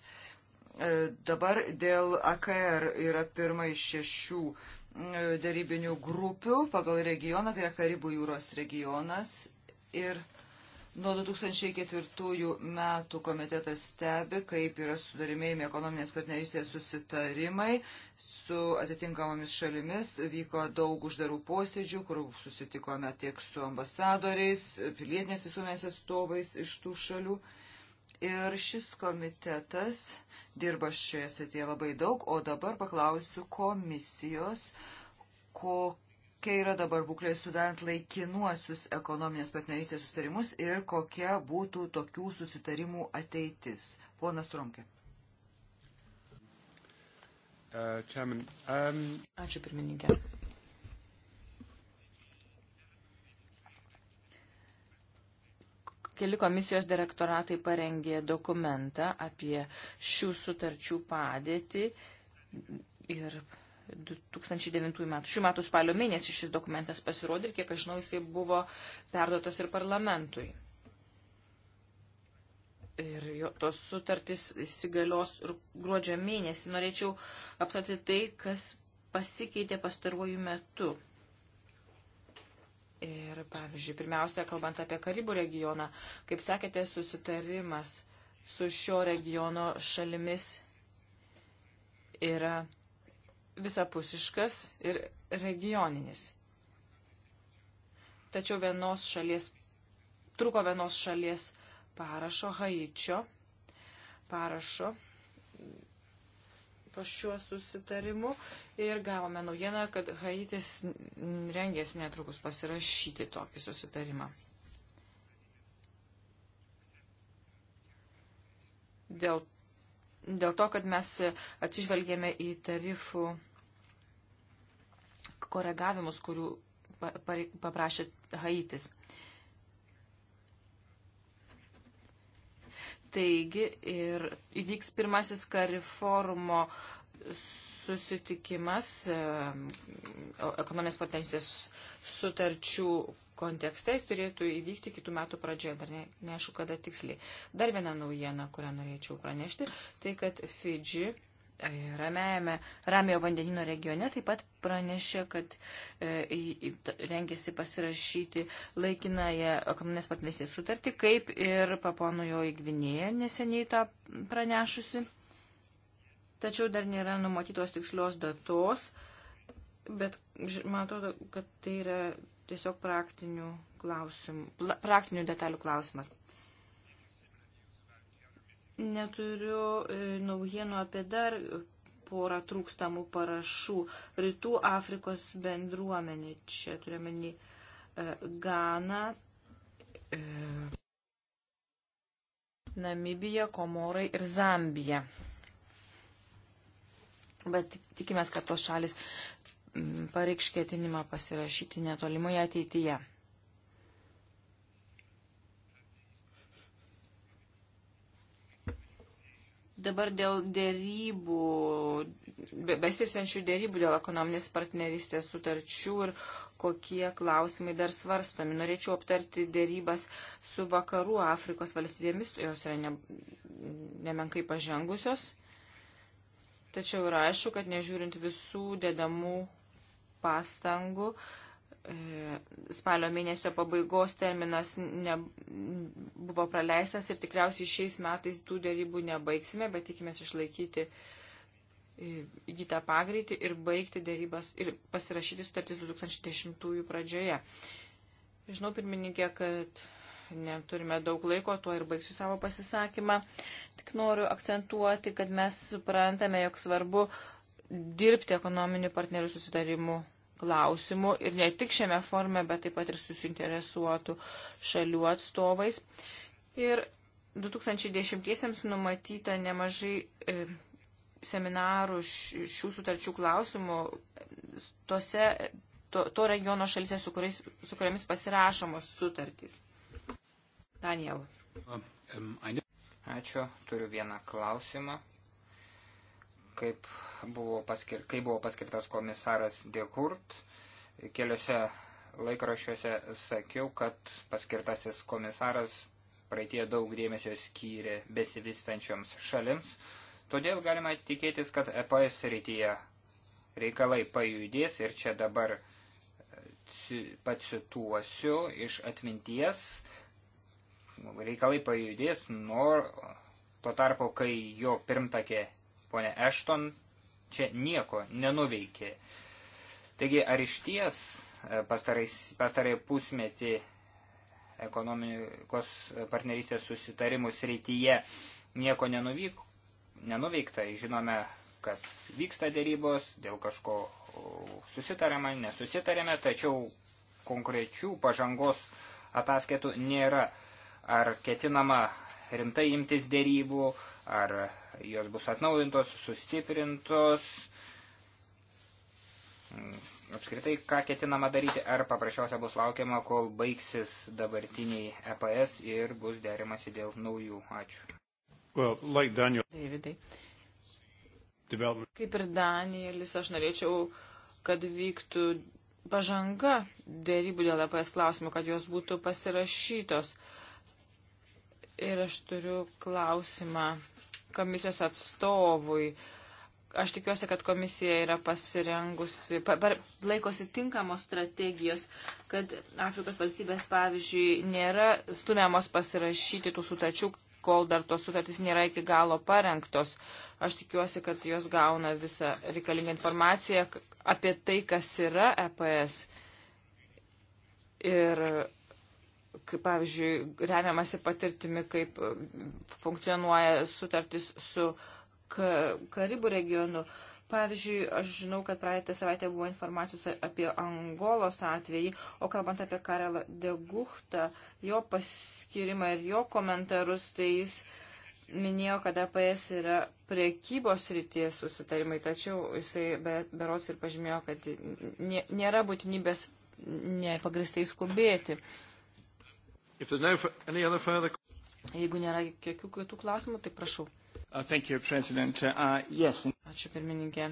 E, dabar dėl AKR yra pirma iš šešių e, darybinių grupių pagal regioną, tai yra Karibų jūros regionas. Ir nuo 2004 metų komitetas stebi, kaip yra sudarimėjami ekonominės partnerystės susitarimai su atitinkamomis šalimis. Vyko daug uždarų posėdžių, kur susitikome tiek su ambasadoriais, pilietinės visuomenės atstovais iš tų šalių ir šis komitetas dirba šioje srityje labai daug, o dabar paklausiu komisijos, kokia yra dabar būklė sudarant laikinuosius ekonominės partnerystės sustarimus ir kokia būtų tokių susitarimų ateitis. Ponas Trumke. Uh, um... Ačiū pirmininkė. keli komisijos direktoratai parengė dokumentą apie šių sutarčių padėtį ir 2009 metų. Šių metų spalio mėnesį šis dokumentas pasirodė ir kiek aš žinau, jisai buvo perduotas ir parlamentui. Ir jo, tos sutartys įsigalios gruodžio mėnesį. Norėčiau aptarti tai, kas pasikeitė pastaruoju metu Ir, pavyzdžiui, pirmiausia, kalbant apie Karibų regioną, kaip sakėte, susitarimas su šio regiono šalimis yra visapusiškas ir regioninis. Tačiau vienos šalies, truko vienos šalies parašo, Haičio parašo po šiuo susitarimu ir gavome naujieną, kad Haitis rengėsi netrukus pasirašyti tokį susitarimą. Dėl, dėl to, kad mes atsižvelgėme į tarifų koregavimus, kurių paprašė Haitis. Taigi ir įvyks pirmasis kariforumo susitikimas e, ekonominės partnerystės sutarčių kontekste jis turėtų įvykti kitų metų pradžioje, dar ne, neaišku kada tiksliai. Dar viena naujiena, kurią norėčiau pranešti, tai kad Fidži e, ramėjame, ramėjo vandenino regione taip pat pranešė, kad e, rengėsi pasirašyti laikinąją ekonominės partnerystės sutartį, kaip ir paponujo į Gvinėją neseniai tą pranešusi tačiau dar nėra numatytos tikslios datos, bet man atrodo, kad tai yra tiesiog praktinių, klausimų, praktinių detalių klausimas. Neturiu e, naujienų apie dar porą trūkstamų parašų. Rytų Afrikos bendruomenė, čia turiuomenį e, Gana, e, Namibija, Komorai ir Zambija bet tikimės, kad tos šalis mm, pareikš ketinimą pasirašyti netolimoje ateityje. Dabar dėl dėrybų, besisvenčių dėrybų dėl ekonominės partnerystės sutarčių ir kokie klausimai dar svarstomi. Norėčiau aptarti dėrybas su vakarų Afrikos valstybėmis, jos yra ne, nemenkai pažengusios. Tačiau yra aišku, kad nežiūrint visų dedamų pastangų, e, spalio mėnesio pabaigos terminas ne, buvo praleistas ir tikriausiai šiais metais tų dėrybų nebaigsime, bet tikimės išlaikyti e, įgytą pagreitį ir baigti dėrybas ir pasirašyti sutartis 2010 pradžioje. Žinau, pirmininkė, kad neturime daug laiko, tuo ir baigsiu savo pasisakymą. Tik noriu akcentuoti, kad mes suprantame, jog svarbu dirbti ekonominių partnerių susitarimų klausimų ir ne tik šiame forme, bet taip pat ir susinteresuotų šalių atstovais. Ir 2010-iesiams numatyta nemažai e, seminarų š, šių sutarčių klausimų tose, to, to regiono šalise, su, kuriais, su kuriamis pasirašomos sutartys. Daniel. Ačiū, turiu vieną klausimą. Kaip buvo, paskir, kaip buvo paskirtas komisaras Dekurt, keliose laikrašiuose sakiau, kad paskirtasis komisaras praeitie daug dėmesio skyrė besivystančioms šalims, todėl galima tikėtis, kad EPS rytyje reikalai pajudės ir čia dabar e, pacituosiu iš atminties reikalai pajudės, nor tuo tarpu, kai jo pirmtakė ponė Ešton čia nieko nenuveikė. Taigi, ar iš ties e, pastarai pusmetį ekonomikos partnerystės susitarimų srityje nieko nenuvyk, nenuveikta, žinome, kad vyksta dėrybos, dėl kažko susitarėme, nesusitarėme, tačiau konkrečių pažangos ataskaitų nėra ar ketinama rimtai imtis dėrybų, ar jos bus atnaujintos, sustiprintos, apskritai ką ketinama daryti, ar paprasčiausia bus laukiama, kol baigsis dabartiniai EPS ir bus derimasi dėl naujų. Ačiū. Well, like Daniel... Davidai. Development. Kaip ir Danielis, aš norėčiau, kad vyktų pažanga dėrybų dėl EPS klausimų, kad jos būtų pasirašytos. Uh, Ir aš turiu klausimą komisijos atstovui. Aš tikiuosi, kad komisija yra pasirengusi, pa, pa, laikosi tinkamos strategijos, kad Afrikos valstybės, pavyzdžiui, nėra stumiamos pasirašyti tų sutarčių, kol dar tos sutartys nėra iki galo parengtos. Aš tikiuosi, kad jos gauna visą reikalingą informaciją apie tai, kas yra EPS. Ir kaip pavyzdžiui, remiamasi patirtimi, kaip e, funkcionuoja sutartis su Karibų regionu. Pavyzdžiui, aš žinau, kad praeitą savaitę buvo informacijos apie Angolos atvejį, o kalbant apie Karelą Deguchtą, jo paskirimą ir jo komentarus, tai jis minėjo, kad APS yra priekybos ryties susitarimai, tačiau jisai be, berots ir pažymėjo, kad nė, nėra būtinybės nepagristai skubėti. Uh, No further... Jeigu nėra jokių kitų klausimų, tai prašau. Uh, you, uh, uh, yes. Ačiū pirmininkė.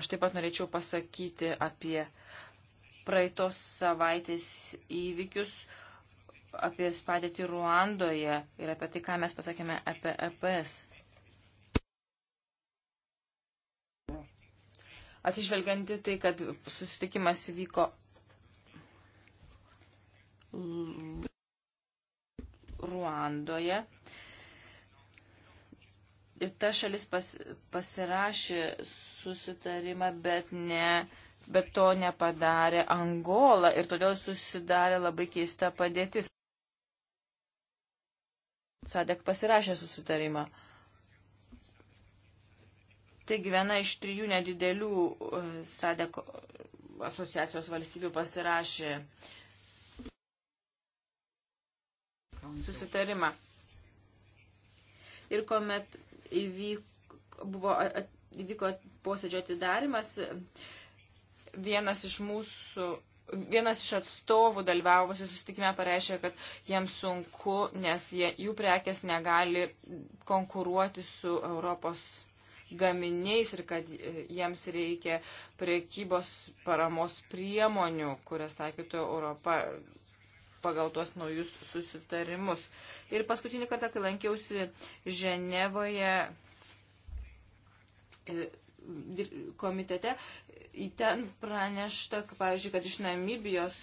Aš taip pat norėčiau pasakyti apie praeitos savaitės įvykius, apie padėtį Ruandoje ir apie tai, ką mes pasakėme apie EPS. Atsižvelgianti tai, kad susitikimas vyko Ruandoje. Ir ta šalis pas, pasirašė susitarimą, bet, ne, bet to nepadarė Angola ir todėl susidarė labai keista padėtis. Sadek pasirašė susitarimą. Taigi viena iš trijų nedidelių e, Sadek asociacijos valstybių pasirašė uh, susitarimą. Ir kuomet įvyko, buvo, įvyko posėdžio atidarimas, vienas iš mūsų vienas iš atstovų dalyvavusių susitikime pareiškė, kad jiems sunku, nes jie, jų prekes negali konkuruoti su Europos gaminiais ir kad e, jiems reikia priekybos paramos priemonių, kurias taikytų Europa pagal tuos naujus susitarimus. Ir paskutinį kartą, kai lankiausi Ženevoje e, komitete, ten pranešta, pavyzdžiui, kad iš Namibijos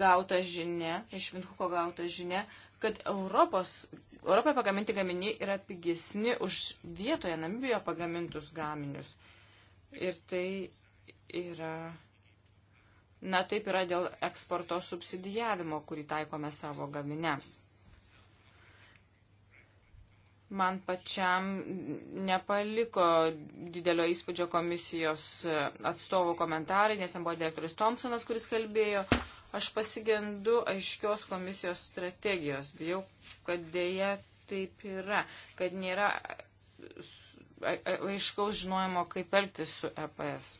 gauta žinia, iš Vinhuko gauta žinia, kad Europos, Europoje pagaminti gaminiai yra pigesni už vietoje Namibijoje pagamintus gaminius. Ir tai yra Na taip yra dėl eksporto subsidijavimo, kurį taikome savo gaminiams. Man pačiam nepaliko didelio įspūdžio komisijos atstovo komentarai, nes ten buvo direktorius Thompsonas, kuris kalbėjo. Aš pasigendu aiškios komisijos strategijos. Bijau, kad dėja taip yra, kad nėra aiškaus žinojimo, kaip elgtis su EPS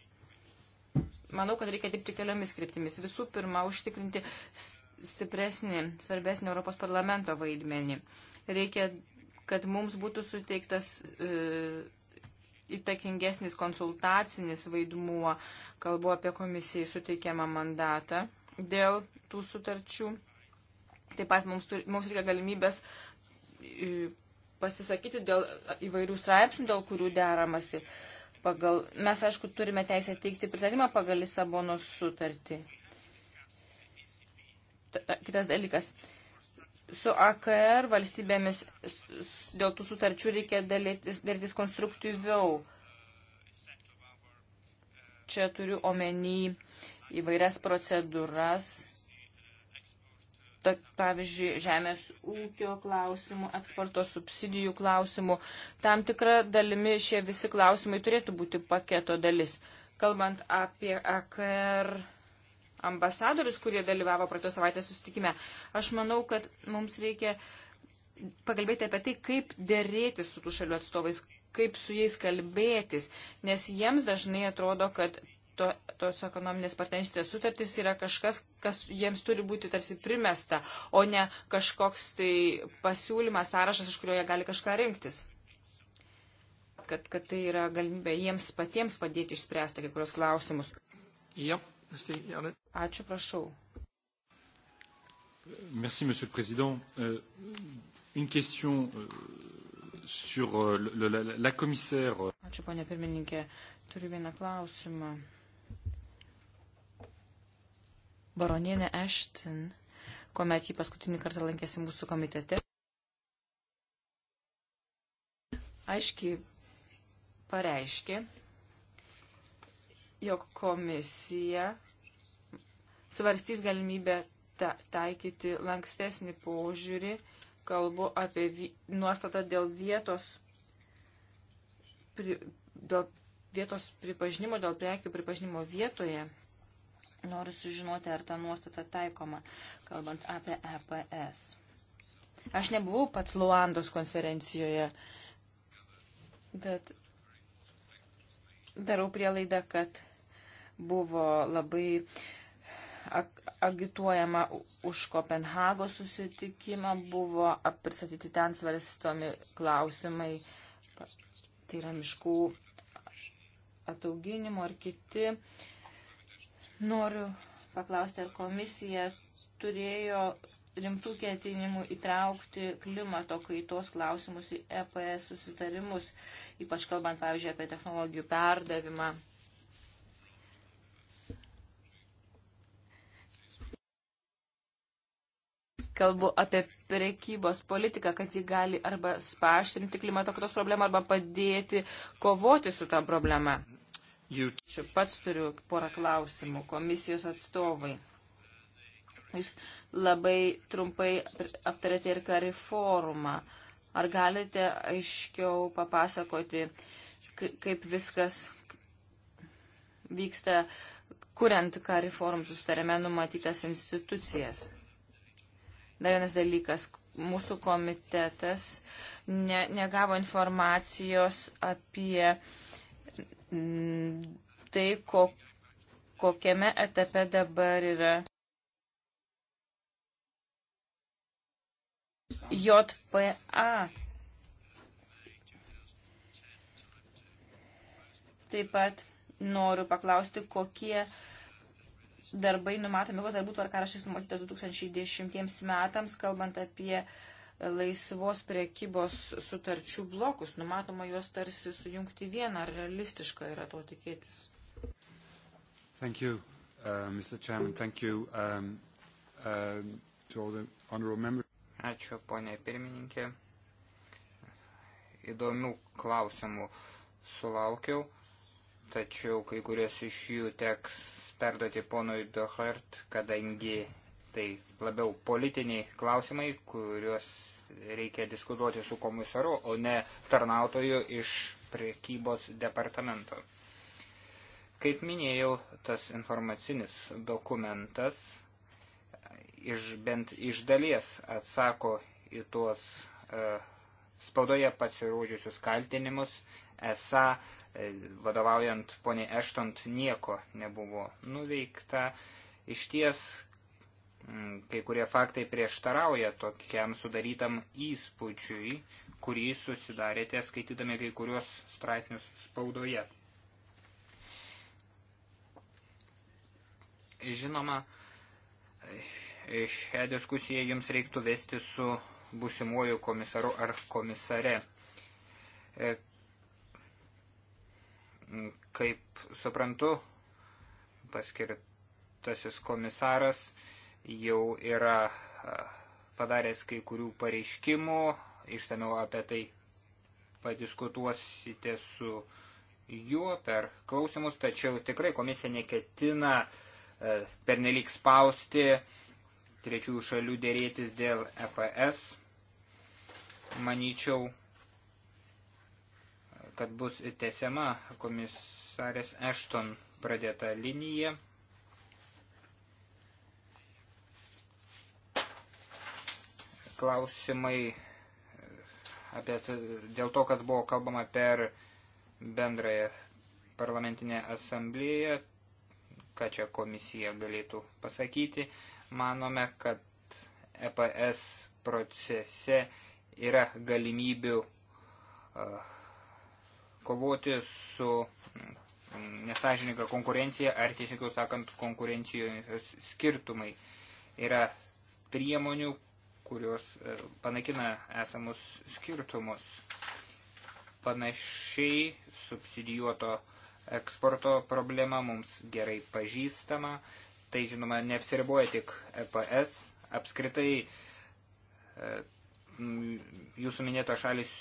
manau, kad reikia dirbti keliomis kryptimis. Visų pirma, užtikrinti stipresnį, svarbesnį Europos parlamento vaidmenį. Reikia, kad mums būtų suteiktas. E, įtakingesnis konsultacinis vaidmuo, kalbu apie komisijai suteikiamą mandatą dėl tų sutarčių. Taip pat mums, turi, mums reikia galimybės e, pasisakyti dėl įvairių straipsnių, dėl kurių deramasi. Pagal, mes, aišku, turime teisę teikti pritarimą pagal Lisabonos sutartį. Ta, kitas dalykas. Su AKR valstybėmis dėl tų sutarčių reikia dalytis, dalytis konstruktyviau. Čia turiu omeny įvairias procedūras ta, pavyzdžiui, žemės ūkio klausimų, eksporto subsidijų klausimų. Tam tikra dalimi šie visi klausimai turėtų būti paketo dalis. Kalbant apie AKR ambasadorius, kurie dalyvavo praeitą savaitę susitikime, aš manau, kad mums reikia pakalbėti apie tai, kaip dėrėti su tų šalių atstovais, kaip su jais kalbėtis, nes jiems dažnai atrodo, kad to, tos ekonominės partnerystės sutartys yra kažkas, kas jiems turi būti tarsi primesta, o ne kažkoks tai pasiūlymas, sąrašas, iš kurio jie gali kažką rinktis. Kad, kad tai yra galimybė jiems patiems padėti išspręsti kai kurios klausimus. Yep. Ačiū, prašau. Merci, Monsieur le Président. Euh, une question euh, sur euh, le, la, la commissaire. Euh. Ačiū, ponia pirmininkė. Turiu vieną klausimą. Baronienė Ashton, kuomet jį paskutinį kartą lankėsi mūsų komitete, aiškiai pareiškė, jog komisija svarstys galimybę ta taikyti lankstesnį požiūrį, kalbu apie nuostatą dėl vietos, pri, dėl vietos pripažinimo, dėl prekių pripažinimo vietoje. Noriu sužinoti, ar ta nuostata taikoma, kalbant apie EPS. Aš nebuvau pats Luandos konferencijoje, bet darau prielaidą, kad buvo labai agituojama už Kopenhago susitikimą, buvo pristatyti ten svarstomi klausimai, tai yra miškų atauginimo ar kiti. Uh, Noriu paklausti, ar komisija turėjo rimtų ketinimų įtraukti klimato kaitos klausimus į EPS susitarimus, ypač kalbant, pavyzdžiui, apie technologijų perdavimą. Kalbu apie prekybos politiką, kad ji gali arba spaštrinti klimato kaitos problemą, arba padėti kovoti su tą problemą. Ačiū. Pats turiu porą klausimų komisijos atstovai. Jūs labai trumpai aptarėte ir kari forumą. Ar galite aiškiau papasakoti, kaip viskas vyksta, kuriant kari forum sustarėme numatytas institucijas? Dar vienas dalykas. Mūsų komitetas ne, negavo informacijos apie uh, Mm, tai, ko, kokiame etape dabar yra JPA. Taip pat noriu paklausti, kokie darbai numatomi, kokios darbų tvarkaraštis numatytas 2010 metams, kalbant apie uh, laisvos priekybos sutarčių blokus. Numatoma juos tarsi sujungti vieną. Ar realistiška yra to tikėtis? Thank you, uh, Mr. Chairman. Thank you um, uh, to all the honorable members. Ačiū, ponė pirmininkė. Įdomių klausimų sulaukiau, tačiau kai kurios iš jų teks perduoti ponui Dohart, kadangi Tai labiau politiniai klausimai, kuriuos reikia diskutuoti su komisaru, o ne tarnautoju iš priekybos departamento. Kaip minėjau, tas informacinis dokumentas iš, bent iš dalies atsako į tuos e, spaudoje pasirodžiusius kaltinimus, esą e, vadovaujant poniai Eštont nieko nebuvo nuveikta. Iš ties Kai kurie faktai prieštarauja tokiam sudarytam įspūdžiui, kurį susidarėte skaitydami kai kuriuos straipsnius spaudoje. Žinoma, šią diskusiją jums reiktų vesti su busimuoju komisaru ar komisare. Kaip suprantu, paskirtasis komisaras jau yra padaręs kai kurių pareiškimų, išsameu apie tai padiskutuosite su juo per klausimus, tačiau tikrai komisija neketina pernelyg spausti trečiųjų šalių dėrėtis dėl EPS. Manyčiau, kad bus tesiama komisarės Ešton pradėta linija. klausimai apie, dėl to, kas buvo kalbama per bendrąją parlamentinę asamblėją, ką čia komisija galėtų pasakyti. Manome, kad EPS procese yra galimybių kovoti su nesažininga konkurencija, ar tiesiog sakant, konkurencijos skirtumai. Yra priemonių, kurios e, panaikina esamus skirtumus. Panašiai subsidijuoto eksporto problema mums gerai pažįstama. Tai, žinoma, neapsiriboja tik EPS. Apskritai, e, jūsų minėto šalis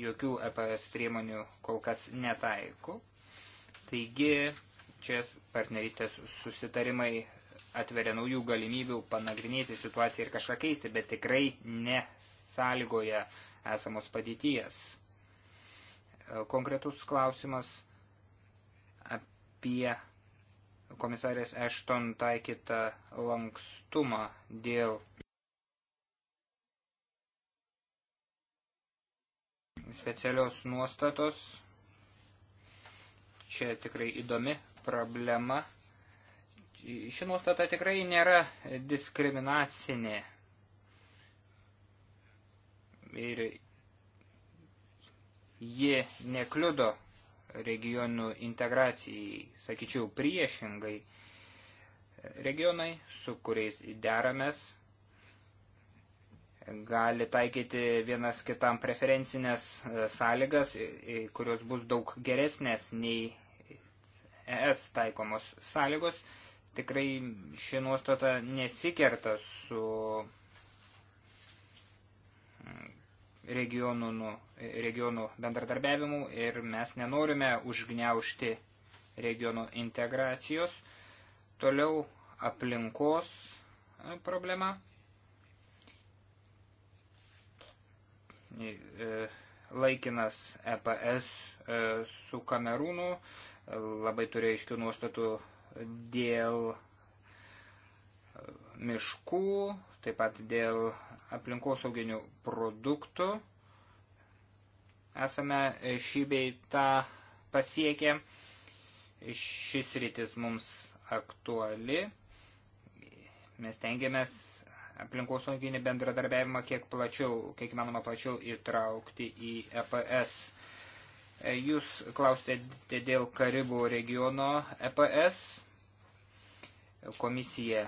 jokių EPS priemonių kol kas netaiko. Taigi, čia partnerystės susitarimai atveria naujų galimybių panagrinėti situaciją ir kažką keisti, bet tikrai ne sąlygoje esamos padėties. E, konkretus klausimas apie komisarės Ešton taikytą lankstumą dėl specialios nuostatos. Čia tikrai įdomi problema ši nuostata tikrai nėra diskriminacinė. Ir ji nekliudo regionų integracijai, sakyčiau, priešingai. Regionai, su kuriais deramės, gali taikyti vienas kitam preferencinės e, sąlygas, e, e, kurios bus daug geresnės nei ES taikomos sąlygos tikrai ši nuostata nesikerta su regionų, mm, regionų nu, bendradarbiavimu ir mes nenorime užgniaušti regionų integracijos. Toliau aplinkos e, problema. E, laikinas EPS e, su Kamerūnu labai turi aiškių nuostatų dėl miškų, taip pat dėl aplinkosauginių produktų. Esame šį beitą pasiekę. Šis rytis mums aktuali. Mes tengiamės aplinkosauginį bendradarbiavimą kiek plačiau, kiek manoma plačiau įtraukti į EPS. Jūs klausėte dėl Karibų regiono EPS. Komisija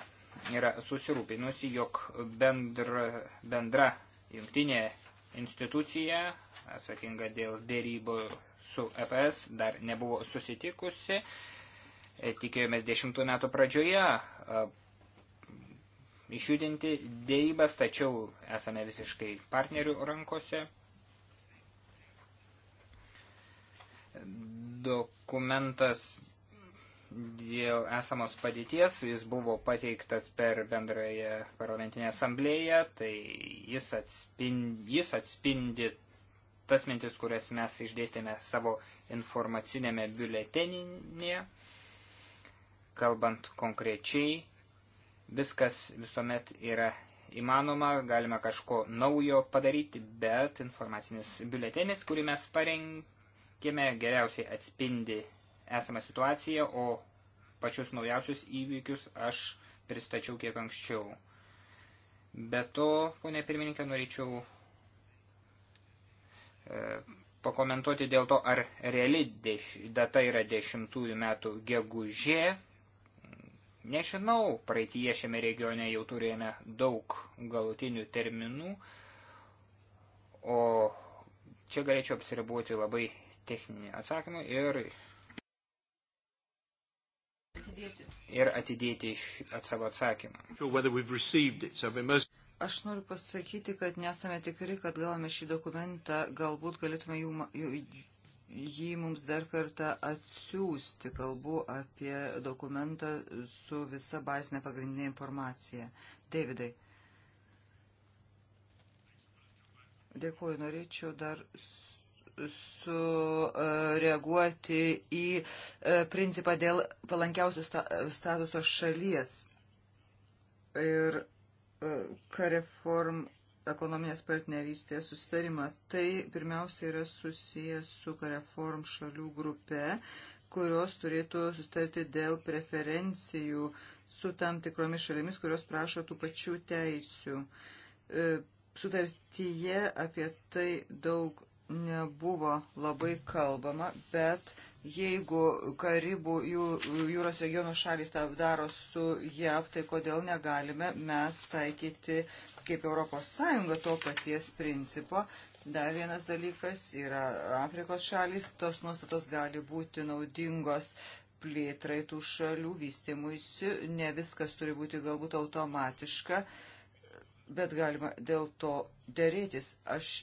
yra susirūpinusi, jog bendra, bendra jungtinė institucija atsakinga dėl dėrybų su EPS dar nebuvo susitikusi. E, tikėjomės dešimtų metų pradžioje e, išjudinti dėrybas, tačiau esame visiškai partnerių rankose. Dokumentas dėl esamos padėties, jis buvo pateiktas per bendrąją parlamentinę asamblėją, tai jis atspindi, jis atspindi tas mintis, kurias mes išdėstėme savo informacinėme biuleteninėje. Kalbant konkrečiai, viskas visuomet yra įmanoma, galime kažko naujo padaryti, bet informacinis biuletenis, kurį mes parengėme, geriausiai atspindi esamą situaciją, o pačius naujausius įvykius aš pristačiau kiek anksčiau. Be to, ponė pirmininkė, norėčiau e, pakomentuoti dėl to, ar reali data yra dešimtųjų metų gegužė. Nežinau, praeitie šiame regione jau turėjome daug galutinių terminų, o čia galėčiau apsiribuoti labai techninį atsakymą ir ir atidėti at savo atsakymą. Aš noriu pasakyti, kad nesame tikri, kad gavome šį dokumentą, galbūt galėtume jų, jų, jį mums dar kartą atsiųsti. Kalbu apie dokumentą su visa bazinė pagrindinė informacija. Davidai. Dėkuoju, norėčiau dar sureaguoti e, į e, principą dėl palankiausių statuso šalies ir e, kareform ekonominės partnerystės sustarimą. Tai pirmiausia yra susijęs su kareform šalių grupe, kurios turėtų sustarti dėl preferencijų su tam tikromis šalimis, kurios prašo tų pačių teisių. Sutartyje apie tai daug nebuvo labai kalbama, bet jeigu Karibų jūros regionų šalys tą daro su JAV, tai kodėl negalime mes taikyti kaip ES to paties principo. Dar vienas dalykas yra Afrikos šalys, tos nuostatos gali būti naudingos plėtrai tų šalių vystimuisi, ne viskas turi būti galbūt automatiška, bet galima dėl to dėrėtis. Aš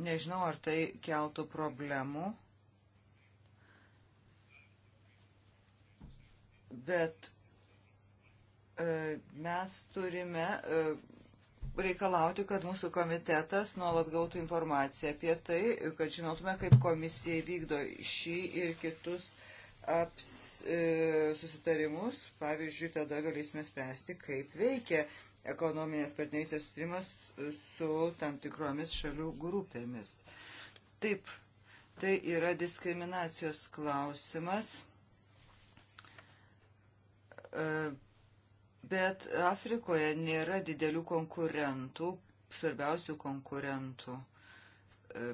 Nežinau, ar tai keltų problemų, bet e, mes turime e, reikalauti, kad mūsų komitetas nuolat gautų informaciją apie tai, kad žinotume, kaip komisija vykdo šį ir kitus aps, e, susitarimus. Pavyzdžiui, tada galėsime spręsti, kaip veikia ekonominės partnerystės sutarimas su tam tikromis šalių grupėmis. Taip, tai yra diskriminacijos klausimas. E, bet Afrikoje nėra didelių konkurentų, svarbiausių konkurentų. E,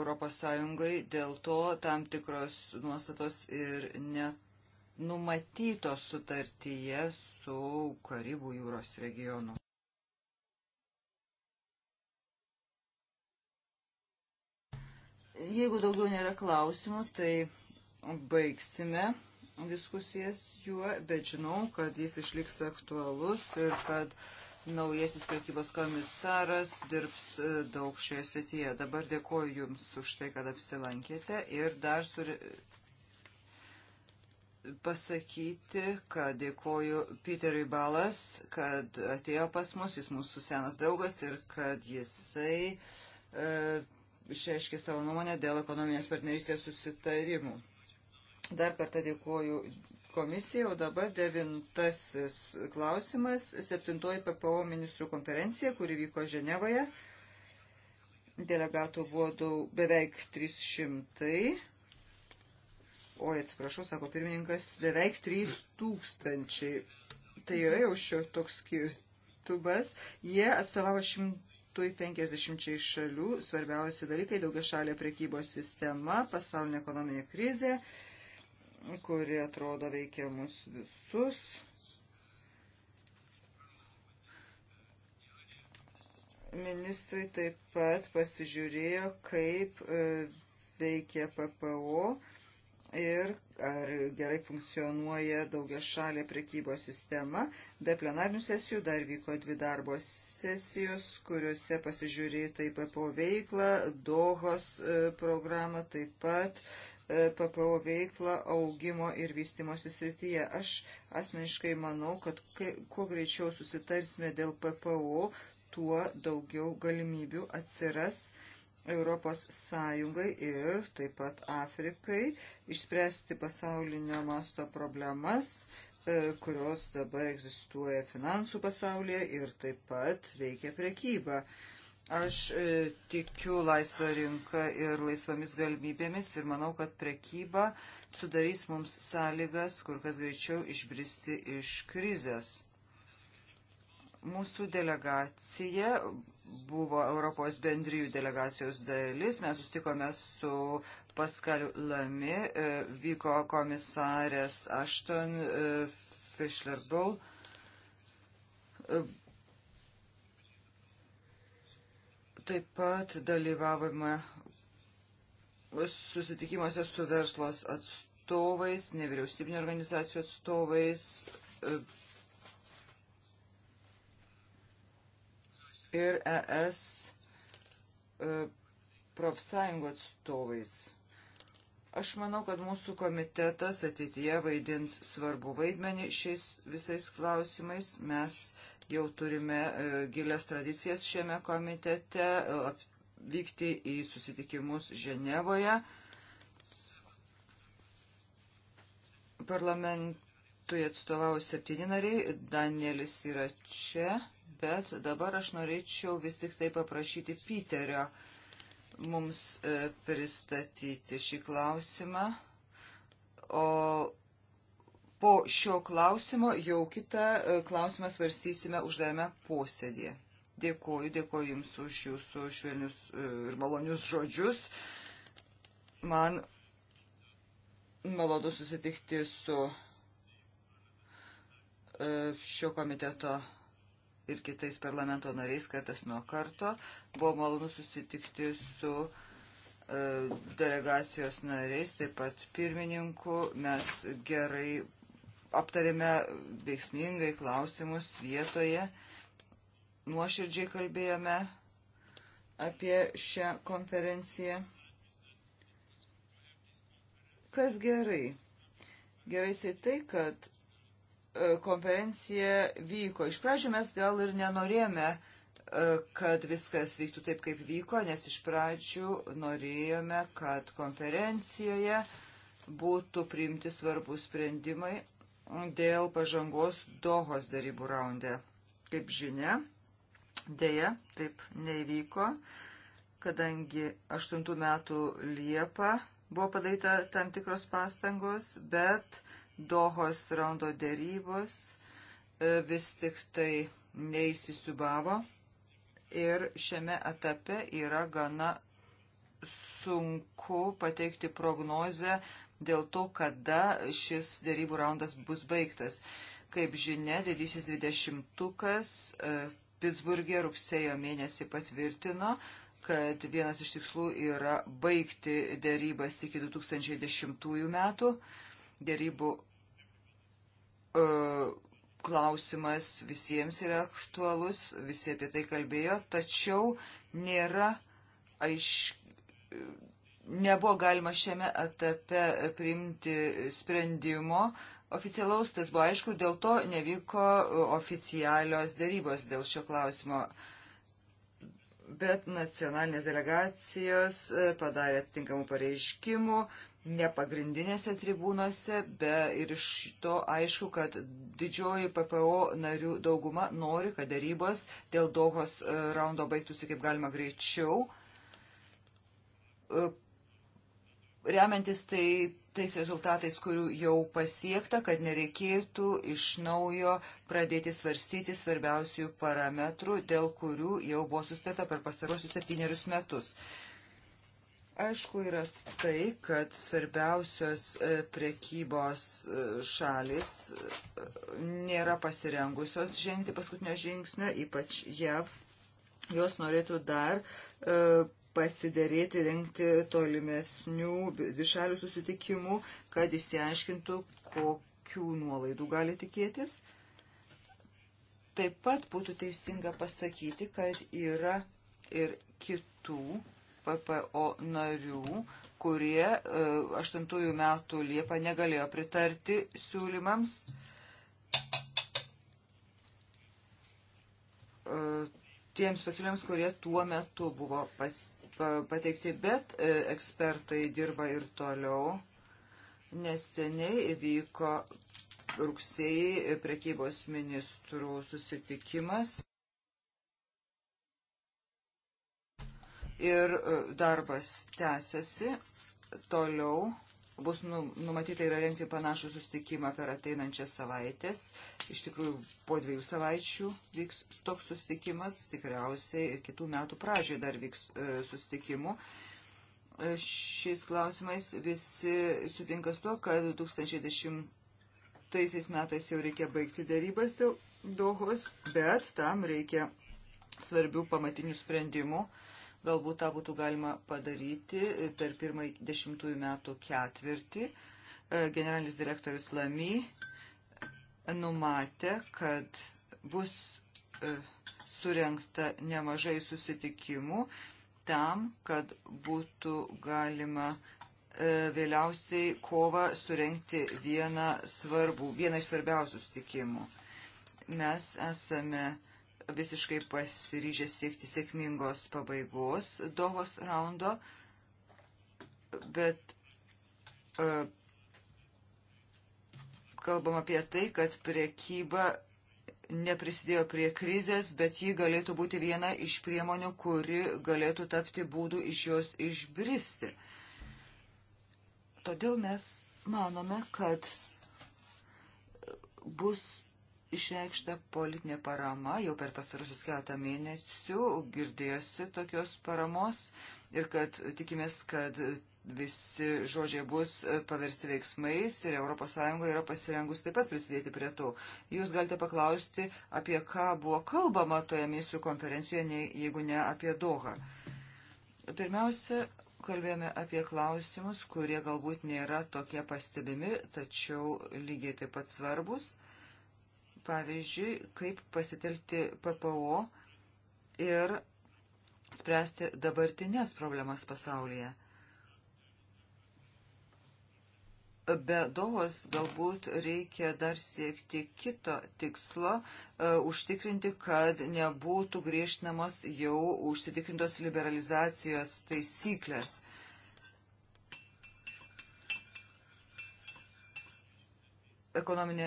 Europos Sąjungai dėl to tam tikros nuostatos ir net numatytos sutartyje su Karibų jūros regionu. Jeigu daugiau nėra klausimų, tai baigsime diskusijas juo, bet žinau, kad jis išliks aktualus ir kad naujasis prekybos komisaras dirbs e, daug šioje srityje. Dabar dėkoju Jums už tai, kad apsilankėte ir dar suri pasakyti, kad dėkoju Peteriui Balas, kad atėjo pas mus, jis mūsų senas draugas ir kad jisai e, išreiškė savo nuomonę dėl ekonominės partnerystės susitarimų. Dar kartą dėkuoju komisijai, o dabar devintasis klausimas, septintoji PPO ministrų konferencija, kuri vyko Ženevoje. Delegatų buvo daug, beveik 300. Oi, atsiprašau, sako pirmininkas, beveik 3000. Tai yra jau šio toks skirtumas. Jie atstovavo šimtą 150 šalių, svarbiausi dalykai - daugia šalė prekybos sistema, pasaulinė ekonominė krizė, kuri atrodo veikia mus visus. Ministrai taip pat pasižiūrėjo, kaip e, veikia PPO ir ar gerai funkcionuoja daugia šalė prekybos sistema. Be plenarnių sesijų dar vyko dvi darbo sesijos, kuriuose pasižiūrėta į PPO veiklą, Dohos e, programą, taip pat e, PPO veiklą augimo ir vystimosi srityje. Aš asmeniškai manau, kad kai, kuo greičiau susitarsime dėl PPO, tuo daugiau galimybių atsiras uh, Europos Sąjungai ir taip pat Afrikai išspręsti pasaulinio masto problemas, e, kurios dabar egzistuoja finansų pasaulyje ir taip pat veikia prekyba. Aš e, tikiu laisvą rinką ir laisvomis galimybėmis ir manau, kad prekyba sudarys mums sąlygas kur kas greičiau išbristi iš krizės. Mūsų delegacija buvo Europos bendrijų delegacijos dalis. Mes sustikome su Paskaliu Lami, e, vyko komisarės Ashton e, Fischler Bull. E, taip pat dalyvavome susitikimuose su verslos atstovais, nevyriausybinio organizacijų atstovais, ir ES e, profsąjungų atstovais. Aš manau, kad mūsų komitetas ateityje vaidins svarbu vaidmenį šiais visais klausimais. Mes jau turime e, gilias tradicijas šiame komitete e, vykti į susitikimus Ženevoje. Parlamentui atstovauja septyni nariai, Danielis yra čia bet dabar aš norėčiau vis tik tai paprašyti Piterio mums e, pristatyti šį klausimą. O po šio klausimo jau kitą e, klausimą svarstysime uždarame posėdėje. Dėkuoju, dėkuoju Jums už Jūsų švelnius e, ir malonius žodžius. Man malonu susitikti su šio komiteto ir kitais parlamento nariais kartas nuo karto. Buvo malonu susitikti su e, delegacijos nariais, taip pat pirmininku. Mes gerai aptarėme veiksmingai klausimus vietoje, nuoširdžiai kalbėjome apie šią konferenciją. Kas gerai? Gerai tai, kad E, konferencija vyko. Iš pradžių mes gal ir nenorėjome, e, kad viskas vyktų taip, kaip vyko, nes iš pradžių norėjome, kad konferencijoje būtų priimti svarbus sprendimai dėl pažangos Dohos darybų raunde. Kaip žinia, dėja, taip nevyko, kadangi 8 metų Liepa buvo padaryta tam tikros pastangos, bet uh, Dohos raundo dėrybos e, vis tik tai neįsisubavo ir šiame etape yra gana sunku pateikti prognozę dėl to, kada šis dėrybų raundas bus baigtas. Kaip žinia, didysis dvidešimtukas e, Pittsburgė rugsėjo mėnesį patvirtino, kad vienas iš tikslų yra baigti dėrybas iki 2010 metų dėrybų e, klausimas visiems yra aktualus, visi apie tai kalbėjo, tačiau nėra aiškiai. Nebuvo galima šiame etape priimti sprendimo oficialaus, tas buvo aišku, dėl to nevyko oficialios darybos dėl šio klausimo bet nacionalinės delegacijos e, padarė atitinkamų pareiškimų, ne pagrindinėse tribūnose, be ir iš to aišku, kad didžioji PPO narių dauguma nori, kad darybos dėl Dohos e, raundo baigtųsi kaip galima greičiau. E, remiantis tai tais rezultatais, kurių jau pasiekta, kad nereikėtų iš naujo pradėti svarstyti svarbiausių parametrų, dėl kurių jau buvo sustata per pastarosius septynerius metus. Aišku yra tai, kad svarbiausios e, prekybos e, šalis e, nėra pasirengusios žengti paskutinio žingsnio, ypač JAV. Jos norėtų dar pasidėrėti, rengti tolimesnių dvišalių susitikimų, kad išsiaiškintų, kokių nuolaidų gali tikėtis. Taip pat būtų teisinga pasakyti, kad yra ir kitų PPO narių, kurie 8 e, metų Liepą negalėjo pritarti siūlymams. E, tiems pasiūlymams, kurie tuo metu buvo pas, pateikti, bet e, ekspertai dirba ir toliau. Neseniai vyko rugsėjai prekybos ministrų susitikimas. ir e, darbas tęsiasi. Toliau bus nu, numatyta yra rengti panašų susitikimą per ateinančias savaitės. Iš tikrųjų, po dviejų savaičių vyks toks susitikimas, tikriausiai ir kitų metų pradžioje dar vyks e, susitikimų. E, šiais klausimais visi sutinka su to, kad 2010 metais jau reikia baigti darybas dėl Dohos, bet tam reikia svarbių pamatinių sprendimų. E, Galbūt tą būtų galima padaryti per pirmąjį dešimtųjų metų ketvirtį. E, Generalinis direktorius Lamy numatė, kad bus e, surenkta nemažai susitikimų tam, kad būtų galima e, vėliausiai kovą surenkti vieną svarbų, vieną iš svarbiausių sutikimų. Mes esame visiškai pasiryžęs siekti sėkmingos pabaigos Dohos raundo, bet e, kalbam apie tai, kad priekyba neprisidėjo prie krizės, bet ji galėtų būti viena iš priemonių, kuri galėtų tapti būdų iš jos išbristi. Todėl mes manome, kad bus išreikšta politinė parama, jau per pasarusius keletą mėnesių girdėjosi tokios paramos ir kad tikimės, kad visi žodžiai bus paversti veiksmais ir ES yra pasirengus taip pat prisidėti prie to. Jūs galite paklausti, apie ką buvo kalbama toje ministrų konferencijoje, jeigu ne apie Dohą. Pirmiausia, kalbėjome apie klausimus, kurie galbūt nėra tokie pastebimi, tačiau lygiai taip pat svarbus pavyzdžiui, kaip pasitelkti PPO ir spręsti dabartinės problemas pasaulyje. Be dovos galbūt reikia dar siekti kito tikslo, e, užtikrinti, kad nebūtų griežtinamos jau užsitikrintos liberalizacijos taisyklės. ekonominė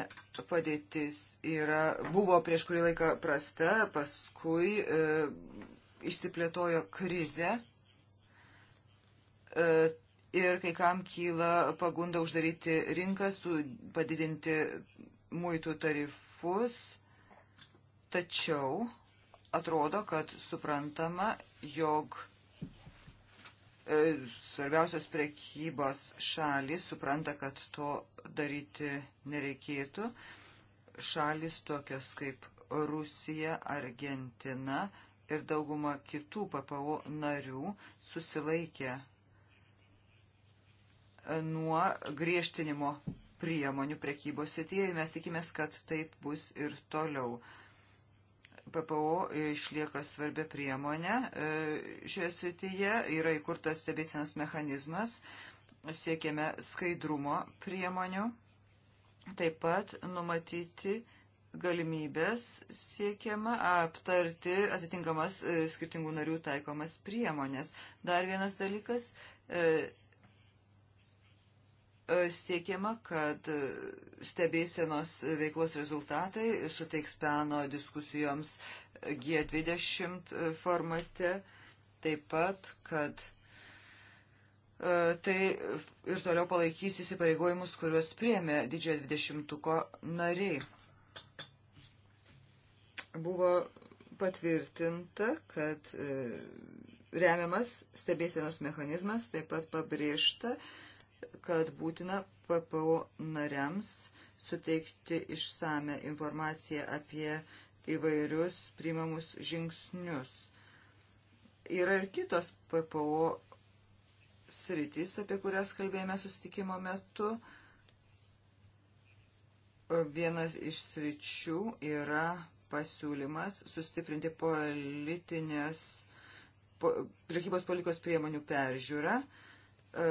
padėtis yra, buvo prieš kurį laiką prasta, paskui e, išsiplėtojo krize e, ir kai kam kyla pagunda uždaryti rinką, su, padidinti muitų tarifus, tačiau atrodo, kad suprantama, jog E, svarbiausios prekybos šalis supranta, kad to daryti nereikėtų. Šalis tokios kaip Rusija, Argentina ir dauguma kitų PPO narių susilaikė e, nuo griežtinimo priemonių prekybos srityje ir mes tikimės, kad taip bus ir toliau. PPO išlieka svarbia priemonė e, šioje srityje, yra įkurtas stebėsienos mechanizmas, siekiame skaidrumo priemonių, taip pat numatyti galimybės siekiama aptarti atitinkamas e, skirtingų narių taikomas priemonės. Dar vienas dalykas e, E, siekiama, kad e, stebėsenos veiklos rezultatai suteiks peno diskusijoms G20 e, formate, taip pat, kad tai ir toliau palaikys įsipareigojimus, kuriuos priemė didžiojo 20-ko nariai. Buvo patvirtinta, kad remiamas stebėsenos mechanizmas, taip pat pabrėžta, kad būtina PPO nariams suteikti išsame informaciją apie įvairius priimamus žingsnius. Yra ir kitos PPO sritis, apie kurias kalbėjome susitikimo metu. Vienas iš sričių yra pasiūlymas sustiprinti politinės, po, priekybos politikos priemonių peržiūrą. Uh, E,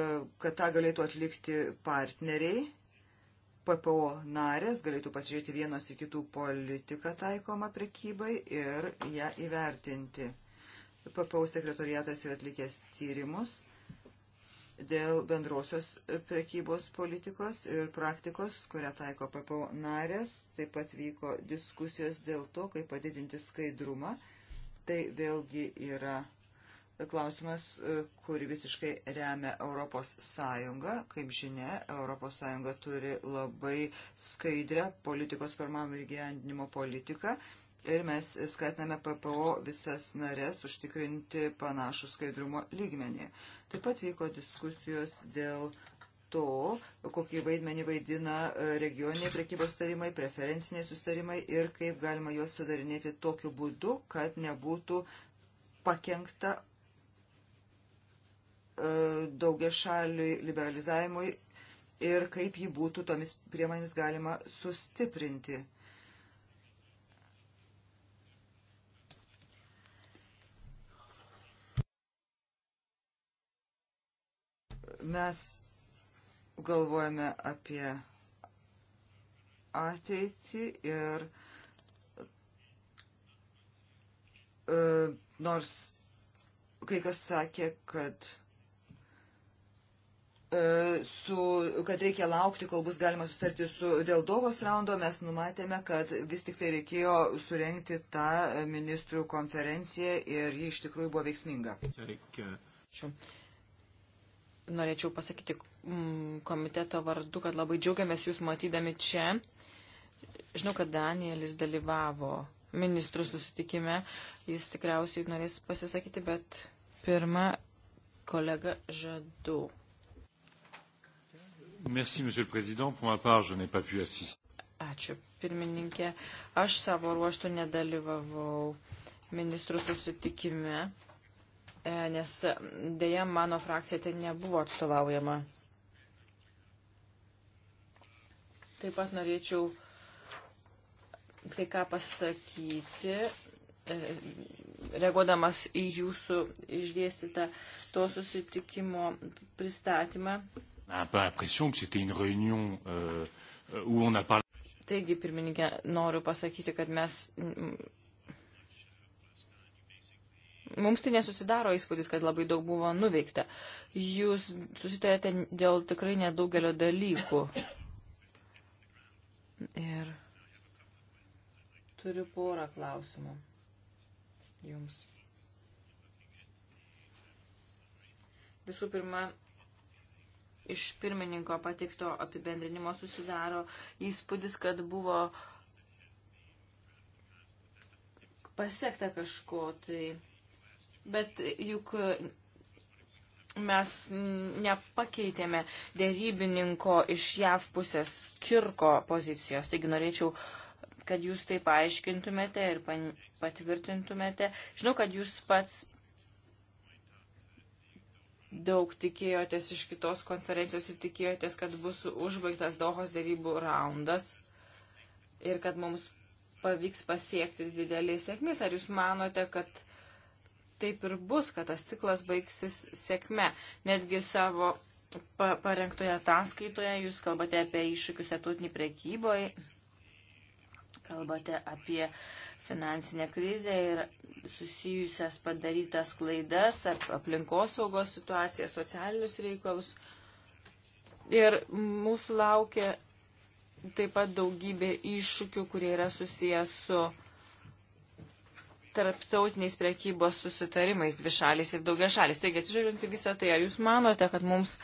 kad tą galėtų atlikti partneriai, PPO narės galėtų pasižiūrėti vienos į kitų politiką taikomą prekybai ir ją įvertinti. PPO sekretoriatas yra atlikęs tyrimus dėl bendrosios prekybos politikos ir praktikos, kurią taiko PPO narės. Taip pat vyko diskusijos dėl to, kaip padidinti skaidrumą. Tai vėlgi yra klausimas, e, kurį visiškai remia Europos Sąjunga. Kaip žinia, Europos Sąjunga turi labai skaidrę politikos formavimo ir gyvendinimo politiką. Ir mes skatiname PPO visas narės užtikrinti panašų skaidrumo lygmenį. Taip pat vyko diskusijos dėl to, kokį vaidmenį vaidina e, regioniniai prekybos tarimai, preferenciniai sustarimai ir kaip galima juos sudarinėti tokiu būdu, kad nebūtų pakengta E, daugia šaliui liberalizavimui ir kaip jį būtų tomis priemonėmis galima sustiprinti. Mes galvojame apie ateitį ir e, nors kai kas sakė, kad E, su, kad reikia laukti, kol bus galima sustarti su dėl Dovos raundo, mes numatėme, kad vis tik tai reikėjo surenkti tą ministrų konferenciją ir ji iš tikrųjų buvo veiksminga. E, Ačiū. Norėčiau pasakyti mm, komiteto vardu, kad labai džiaugiamės jūs matydami čia. Žinau, kad Danielis dalyvavo ministrų susitikime, jis tikriausiai norės pasisakyti, bet pirmą kolega žadu. Merci, Monsieur le Président. Pour ma part, je n'ai pas pu assister. Ačiū, pirmininkė. Aš savo ruoštų nedalyvavau ministrų susitikime, e, nes dėja mano frakcija ten nebuvo atstovaujama. Taip pat norėčiau kai ką pasakyti, e, reaguodamas į jūsų išdėstytą to susitikimo pristatymą. Euh, Taigi, pirmininkė, noriu pasakyti, kad mes. Mums tai nesusidaro įspūdis, kad labai daug buvo nuveikta. Jūs susitarėte dėl tikrai nedaugelio dalykų. Ir turiu porą klausimų jums. Visų pirma, Iš pirmininko patikto apibendrinimo susidaro įspūdis, kad buvo pasiekta kažko. Tai... Bet juk mes nepakeitėme dėrybininko iš JAV pusės kirko pozicijos. Taigi norėčiau, kad jūs tai paaiškintumėte ir patvirtintumėte. Žinau, kad jūs pats daug tikėjotės iš kitos konferencijos ir tikėjotės, kad bus užbaigtas Dohos darybų raundas ir kad mums pavyks pasiekti didelės sėkmės. Ar jūs manote, kad taip ir bus, kad tas ciklas baigsis sėkme? Netgi savo pa parengtoje ataskaitoje jūs kalbate apie iššūkius atutinį prekyboje Kalbate apie finansinę krizę ir susijusias padarytas klaidas, aplinkosaugos situaciją, socialinius reikalus. Ir mūsų laukia taip pat daugybė iššūkių, kurie yra susijęs su tarptautiniais prekybos susitarimais dvi šalis ir daugia šalis. Taigi, atsižvelgiant į visą tai, ar jūs manote, kad mums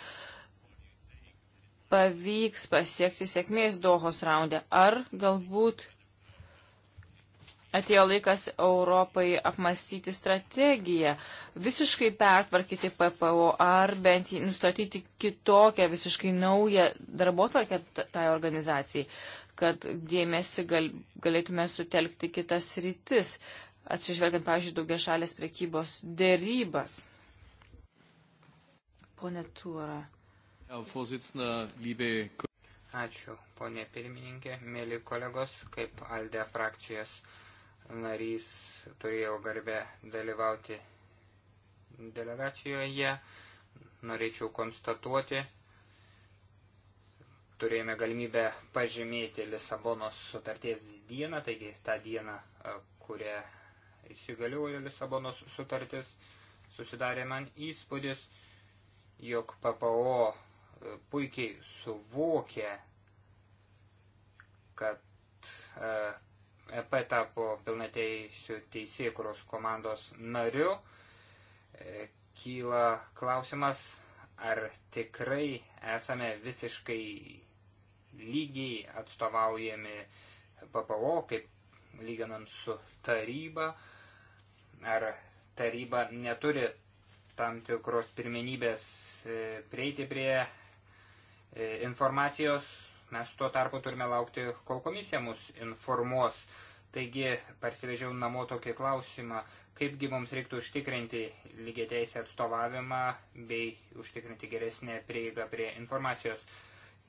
pavyks pasiekti sėkmės Dohos raunde, ar galbūt atėjo laikas Europai apmastyti strategiją, visiškai pertvarkyti PPO ar bent nustatyti kitokią, visiškai naują darbotvarkę tai organizacijai, kad dėmesį gal, galėtume sutelkti kitas rytis, atsižvelgiant, pavyzdžiui, daugia šalės prekybos dėrybas. Pone Tūra. Ačiū, ponė pirmininkė, mėly kolegos, kaip Aldė frakcijos narys, turėjau garbę dalyvauti delegacijoje. Norėčiau konstatuoti, turėjome galimybę pažymėti Lisabonos sutarties dieną, taigi tą dieną, e, kurią įsigaliojo Lisabonos sutartis, susidarė man įspūdis, jog PPO e, puikiai suvokė, kad e, EP tapo pilnateisių teisėkuros komandos nariu, e, kyla klausimas, ar tikrai esame visiškai lygiai atstovaujami PPO, kaip lyginant su taryba, ar taryba neturi tam tikros pirmenybės e, prieiti prie e, informacijos Mes tuo tarpu turime laukti, kol komisija mus informuos. Taigi, parsivežiau namo tokį klausimą, kaipgi mums reiktų užtikrinti lygiai teisę atstovavimą bei užtikrinti geresnę prieigą prie informacijos.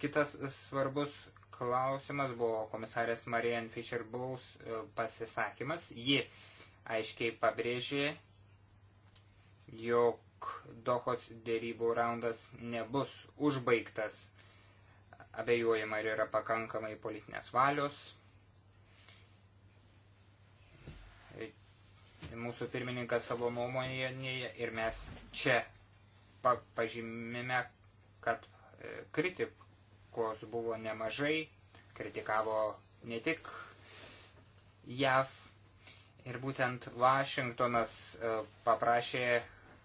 Kitas svarbus klausimas buvo komisarės Marianne Fisher Bowles e, pasisakymas. Ji aiškiai pabrėžė, jog Dohos dėrybų raundas nebus užbaigtas abejojama ir yra pakankamai politinės valios. Mūsų pirmininkas savo nuomonėje ir mes čia pa pažymime, kad e, kritikos buvo nemažai, kritikavo ne tik JAV ir būtent Vašingtonas e, paprašė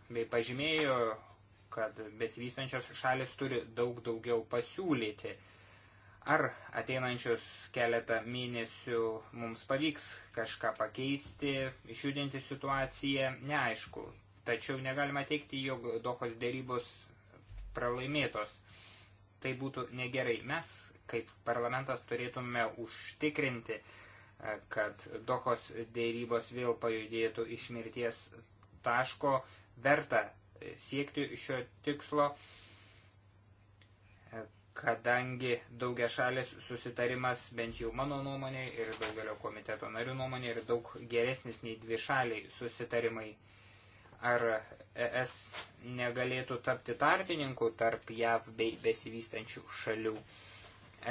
bei pažymėjo kad besivystančios šalis turi daug daugiau pasiūlyti. Ar ateinančius keletą mėnesių mums pavyks kažką pakeisti, išjudinti situaciją, neaišku. Tačiau negalima teikti, jog Dohos dėrybos pralaimėtos. Tai būtų negerai. Mes, kaip parlamentas, turėtume užtikrinti, kad Dohos dėrybos vėl pajudėtų iš mirties taško. Verta siekti šio tikslo, kadangi daugia šalis susitarimas bent jau mano nuomonė ir daugelio komiteto narių nuomonė ir daug geresnis nei dvi šaliai susitarimai. Ar ES negalėtų tapti tarpininku tarp JAV bei besivystančių šalių?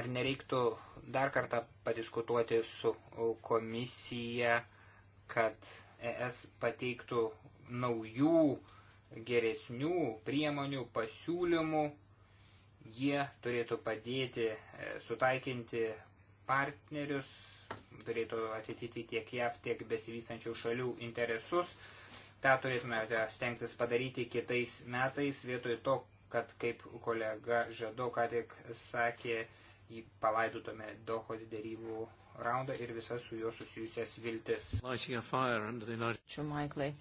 Ar nereiktų dar kartą padiskutuoti su komisija, kad ES pateiktų naujų uh, geresnių priemonių, pasiūlymų. Jie turėtų padėti e, sutaikinti partnerius, turėtų atityti tiek JAV, tiek besivystančių šalių interesus. Ta turėtume stengtis padaryti kitais metais, vietoj to, kad kaip kolega Žado ką tik sakė, jį palaidotume Dohos dėrybų raundą ir visas su juo susijusias viltis. Ačiū, Maiklai.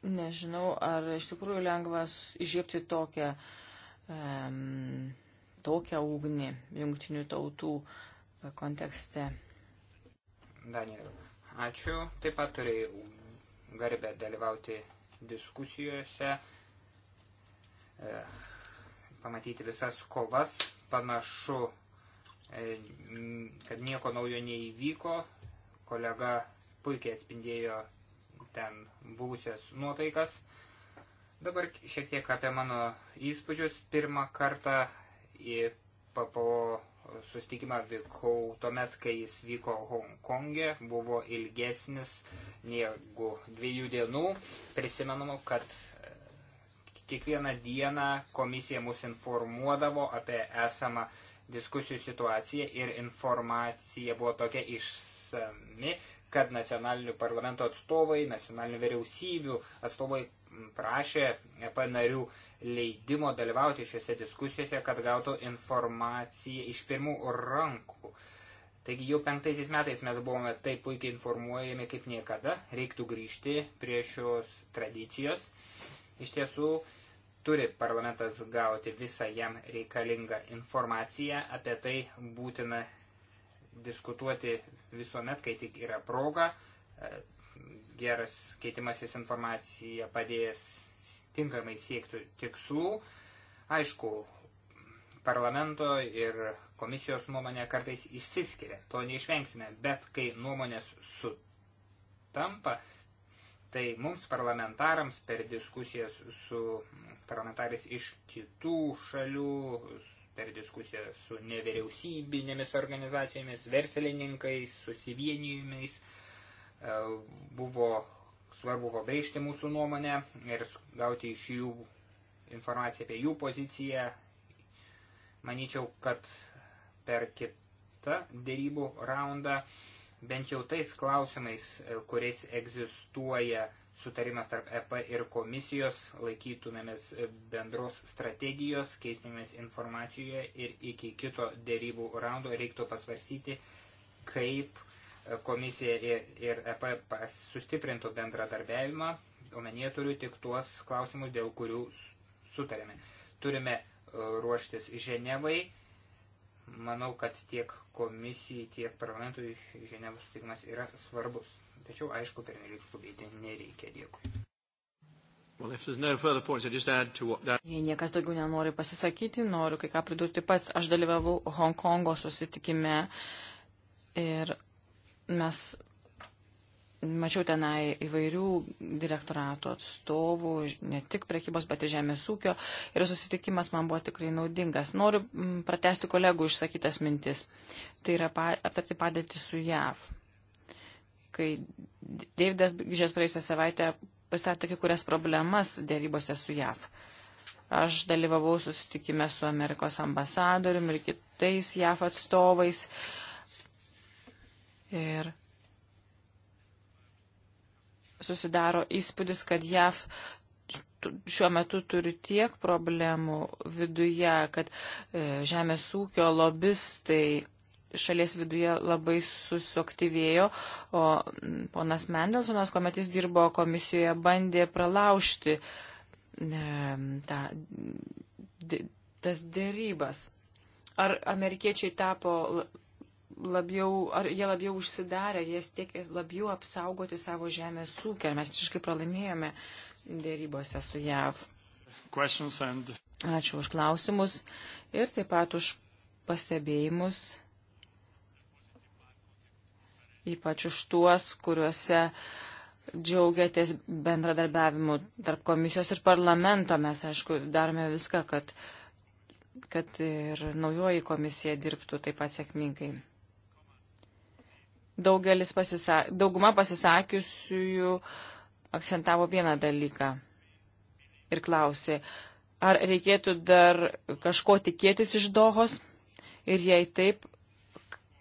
Nežinau, ar iš tikrųjų lengvas įžiebti tokią, um, tokią ugnį jungtinių tautų e, kontekste. Daniel, ačiū. Taip pat turėjau garbę dalyvauti diskusijose, e, pamatyti visas kovas. Panašu, e, kad nieko naujo neįvyko. Kolega puikiai atspindėjo ten buvusias nuotaikas. Dabar šiek tiek apie mano įspūdžius. Pirmą kartą į PPO sustikimą vykau tuomet, kai jis vyko Hongkonge, buvo ilgesnis negu dviejų dienų. Prisimenu, kad e, kiekvieną dieną komisija mus informuodavo apie esamą diskusijų situaciją ir informacija buvo tokia išsami, kad nacionalinių parlamento atstovai, nacionalinių vyriausybių atstovai prašė EP narių leidimo dalyvauti šiuose diskusijose, kad gautų informaciją iš pirmų rankų. Taigi jau penktaisiais metais mes buvome taip puikiai informuojami kaip niekada, reiktų grįžti prie šios tradicijos. Iš tiesų, turi parlamentas gauti visą jam reikalingą informaciją, apie tai būtina diskutuoti visuomet, kai tik yra proga. E, geras keitimasis informacija padės tinkamai siekti tikslų. Aišku, parlamento ir komisijos nuomonė kartais išsiskiria, to neišvengsime, bet kai nuomonės sutampa, tai mums parlamentarams per diskusijas su parlamentarais iš kitų šalių, per diskusiją su nevyriausybinėmis organizacijomis, verslininkais, susivienijimais. E, buvo svarbu pabrėžti mūsų nuomonę ir gauti iš jų informaciją apie jų poziciją. Manyčiau, kad per kitą dėrybų raundą bent jau tais klausimais, e, kuriais egzistuoja sutarimas tarp EP ir komisijos, laikytumėmės bendros strategijos, keistumėmės informacijoje ir iki kito dėrybų raundo reiktų pasvarsyti, kaip komisija ir EP sustiprintų bendradarbiavimą, omenyje turiu tik tuos klausimus, dėl kurių sutarėme. Turime e, ruoštis Ženevai, manau, kad tiek komisijai, tiek parlamentui Ženevos sutikimas yra svarbus. Tačiau, aišku, pernelyg skubėti nereikia. Dėkui. Well, no points, that... Jei niekas daugiau nenori pasisakyti, noriu kai ką pridurti pats. Aš dalyvavau Hongkongo susitikime ir mes Mačiau tenai įvairių direktorato atstovų, ne tik prekybos, bet ir žemės ūkio. Ir susitikimas man buvo tikrai naudingas. Noriu mm, pratesti kolegų išsakytas mintis. Tai yra aptarti padėtį su JAV kai Deividas Gžės praėjusią savaitę pristatė kai kurias problemas dėrybose su JAV. Aš dalyvavau susitikime su Amerikos ambasadoriumi ir kitais JAV atstovais. Ir susidaro įspūdis, kad JAV šiuo metu turi tiek problemų viduje, kad e, žemės ūkio lobistai šalies viduje labai susuaktyvėjo, o ponas Mendelsonas, kuomet jis dirbo komisijoje, bandė pralaužti ta, tas dėrybas. Ar amerikiečiai tapo labiau, ar jie labiau užsidarė, jie siekė labiau apsaugoti savo žemės ūkį, ar mes visiškai pralaimėjome dėrybose su JAV. And... Ačiū už klausimus ir taip pat už pastebėjimus ypač už tuos, kuriuose džiaugiatės bendradarbiavimu tarp komisijos ir parlamento. Mes, aišku, darome viską, kad, kad ir naujoji komisija dirbtų taip pat sėkmingai. Daugelis pasisa dauguma pasisakiusiųjų akcentavo vieną dalyką ir klausė, ar reikėtų dar kažko tikėtis iš Dohos ir jei taip,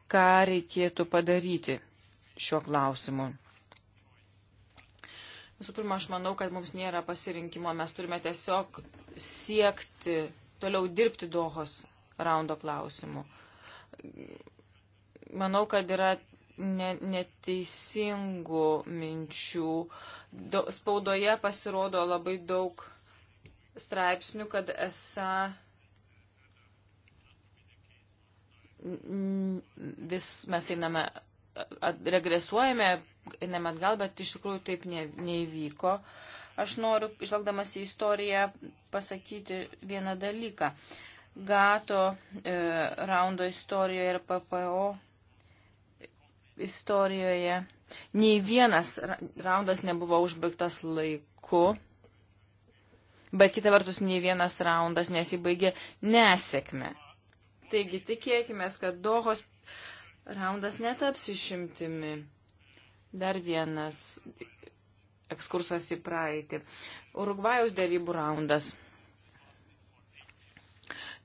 ką reikėtų padaryti šiuo klausimu. Visų pirma, aš manau, kad mums nėra pasirinkimo, mes turime tiesiog siekti, toliau dirbti Dohos raundo klausimu. Manau, kad yra ne, neteisingų minčių. Do, spaudoje pasirodo labai daug straipsnių, kad esą vis mes einame regresuojame, einame atgal, bet iš tikrųjų taip ne, neįvyko. Aš noriu, žvelgdamas į istoriją, pasakyti vieną dalyką. Gato e, raundo istorijoje ir PPO istorijoje nei vienas raundas nebuvo užbaigtas laiku. Bet kita vertus, nei vienas raundas nesibaigė nesėkme. Taigi tikėkime, kad Dohos raundas netaps išimtimi. Dar vienas ekskursas į praeitį. Urugvajaus dėrybų raundas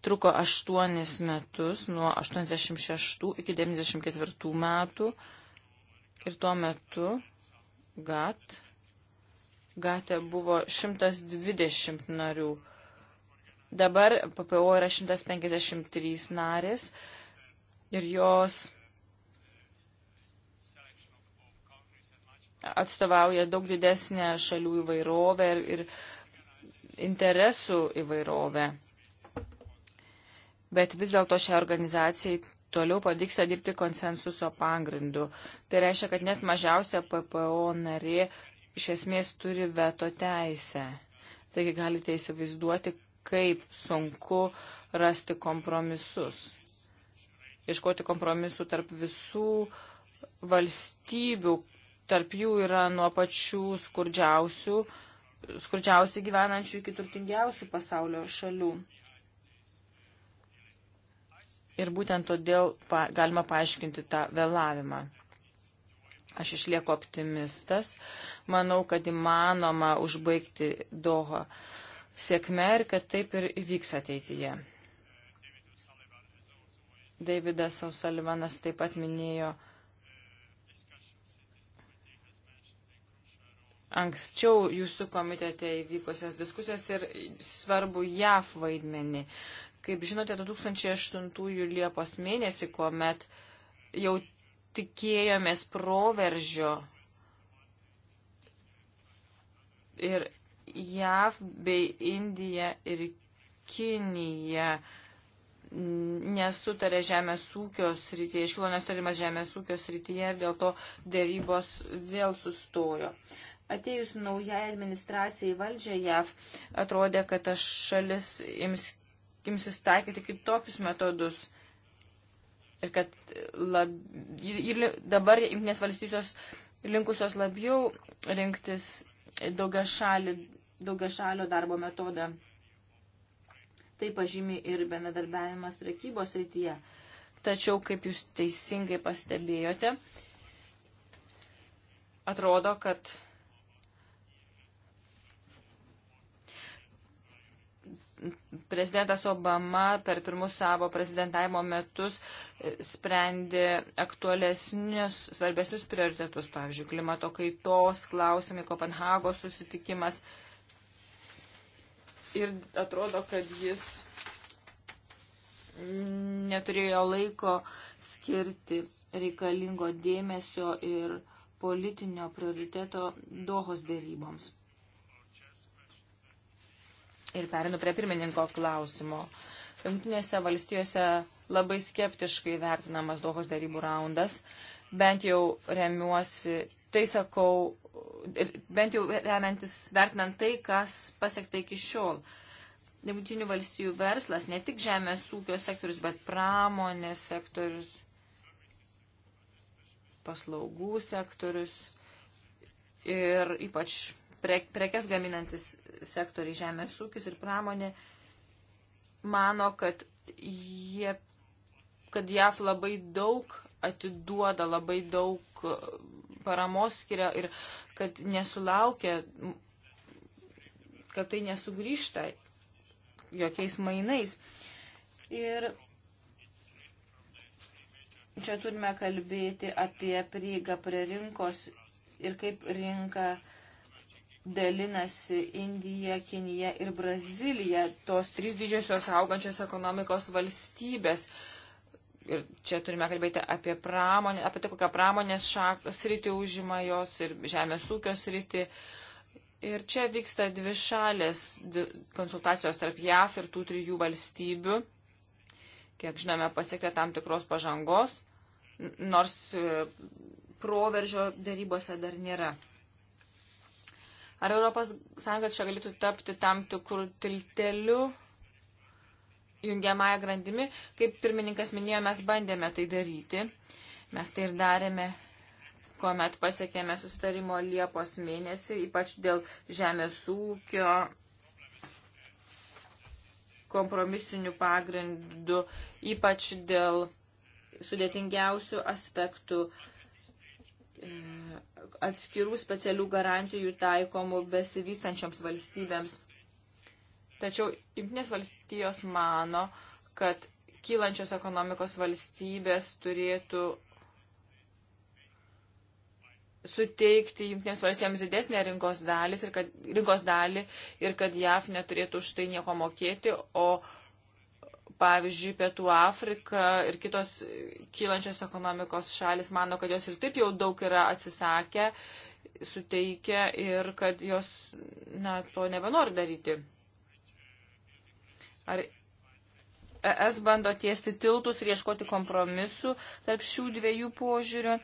truko 8 metus, nuo 86 iki 94 metų. Ir tuo metu GAT, GATE buvo 120 narių. Dabar PPO yra 153 narės ir jos atstovauja daug didesnę šalių įvairovę ir, ir interesų įvairovę. Bet vis dėlto šią organizaciją toliau padiksia dirbti konsensuso pagrindu. Tai reiškia, kad net mažiausia PPO narė iš esmės turi veto teisę. Taigi galite įsivaizduoti, kaip sunku rasti kompromisus. Iškoti kompromisų tarp visų valstybių, tarp jų yra nuo pačių skurdžiausių, skurdžiausiai gyvenančių iki turtingiausių pasaulio šalių. Ir būtent todėl pa, galima paaiškinti tą vėlavimą. Aš išlieku optimistas. Manau, kad įmanoma užbaigti Doho sėkme ir kad taip ir įvyks ateityje. Davidas Ausalivanas taip pat minėjo anksčiau jūsų komitete įvykusias diskusijas ir svarbu JAF vaidmenį. Kaip žinote, 2008 Liepos mėnesį, kuomet jau tikėjomės proveržio ir JAV bei Indija ir Kinija nesutarė žemės ūkio srityje, iškilo nesutarimas žemės ūkio srityje ir dėl to dėrybos vėl sustojo. Atėjus naujai administracijai valdžiai JAV, atrodė, kad ta šalis ims, imsis taikyti kitokius metodus. Ir kad lab, ir dabar jungtinės valstybios linkusios labiau rinktis daugia, šalį, daugia šalio darbo metodą. Tai pažymi ir bendradarbiavimas prekybos rytyje. Tačiau, kaip jūs teisingai pastebėjote, atrodo, kad Prezidentas Obama per pirmus savo prezidentavimo metus e, sprendė aktualesnius, svarbesnius prioritetus, pavyzdžiui, klimato kaitos klausimai, Kopenhagos susitikimas. Ir atrodo, kad jis neturėjo laiko skirti reikalingo dėmesio ir politinio prioriteto Dohos dėryboms. Ir perinu prie pirmininko klausimo. Jungtinėse valstijose labai skeptiškai vertinamas Dohos darybų raundas. Bent jau remiuosi, tai sakau, bent jau remiantis vertinant tai, kas pasiekta iki šiol. Jungtinių valstijų verslas, ne tik žemės ūkio sektorius, bet pramonės sektorius, paslaugų sektorius ir ypač pre, prekes gaminantis sektoriai žemės ūkis ir pramonė mano, kad, jie, kad JAF labai daug atiduoda, labai daug e, paramos skiria ir kad nesulaukia, kad tai nesugrįžta jokiais mainais. Ir čia turime kalbėti apie prieigą prie rinkos ir kaip rinka uh, dalinasi Indija, Kinija ir Brazilija, tos trys didžiosios augančios ekonomikos valstybės. Ir čia turime kalbėti apie pramonę, apie tai, kokią pramonės šak, sritį užima jos ir žemės ūkio sritį. Ir čia vyksta dvi šalės konsultacijos tarp JAF ir tų trijų valstybių. Kiek žinome, pasiekta tam tikros pažangos, nors e, proveržio darybose dar nėra. Ar Europos Sąjunga čia galėtų tapti tam tikrų tiltelių jungiamąją grandimi? Kaip pirmininkas minėjo, mes bandėme tai daryti. Mes tai ir darėme kuomet pasiekėme susitarimo Liepos mėnesį, ypač dėl žemės ūkio kompromisinių pagrindų, ypač dėl sudėtingiausių aspektų uh, E, atskirų specialių garantijų taikomų besivystančiams valstybėms. Tačiau Junktinės valstijos mano, kad kylančios ekonomikos valstybės turėtų suteikti Junktinėms valstybėms didesnę rinkos, dalis ir kad, rinkos dalį ir kad JAF neturėtų už tai nieko mokėti, o Pavyzdžiui, Pietų Afrika ir kitos kylančios ekonomikos šalis mano, kad jos ir taip jau daug yra atsisakę, suteikę ir kad jos na, to nebenori daryti. Ar ES bando tiesti tiltus ir ieškoti kompromisų tarp šių dviejų požiūrių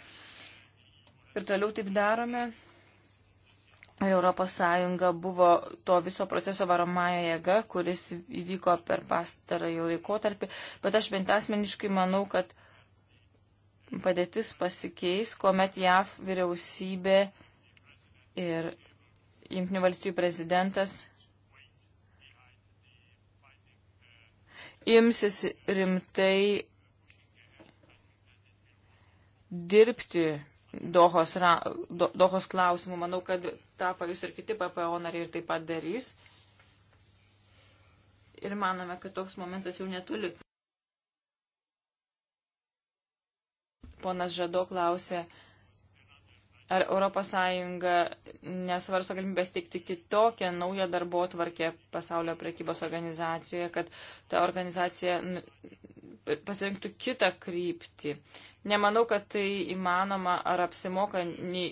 ir toliau taip darome? Ir Europos Sąjunga buvo to viso proceso varomąją jėga, kuris įvyko per pastarąjį laikotarpį. Bet aš bent asmeniškai manau, kad padėtis pasikeis, kuomet JAV vyriausybė ir Junktinių valstybių prezidentas imsis rimtai dirbti Dohos, ra, do, Dohos klausimų. Manau, kad tą pajus ir kiti PPO nariai ir taip pat darys. Ir manome, kad toks momentas jau netoli. Ponas Žado klausė, ar ES nesvarsto galimybės teikti kitokią naują darbo tvarkę pasaulio prekybos organizacijoje, kad ta organizacija pasirinktų kitą kryptį. Nemanau, kad tai įmanoma ar apsimoka nei,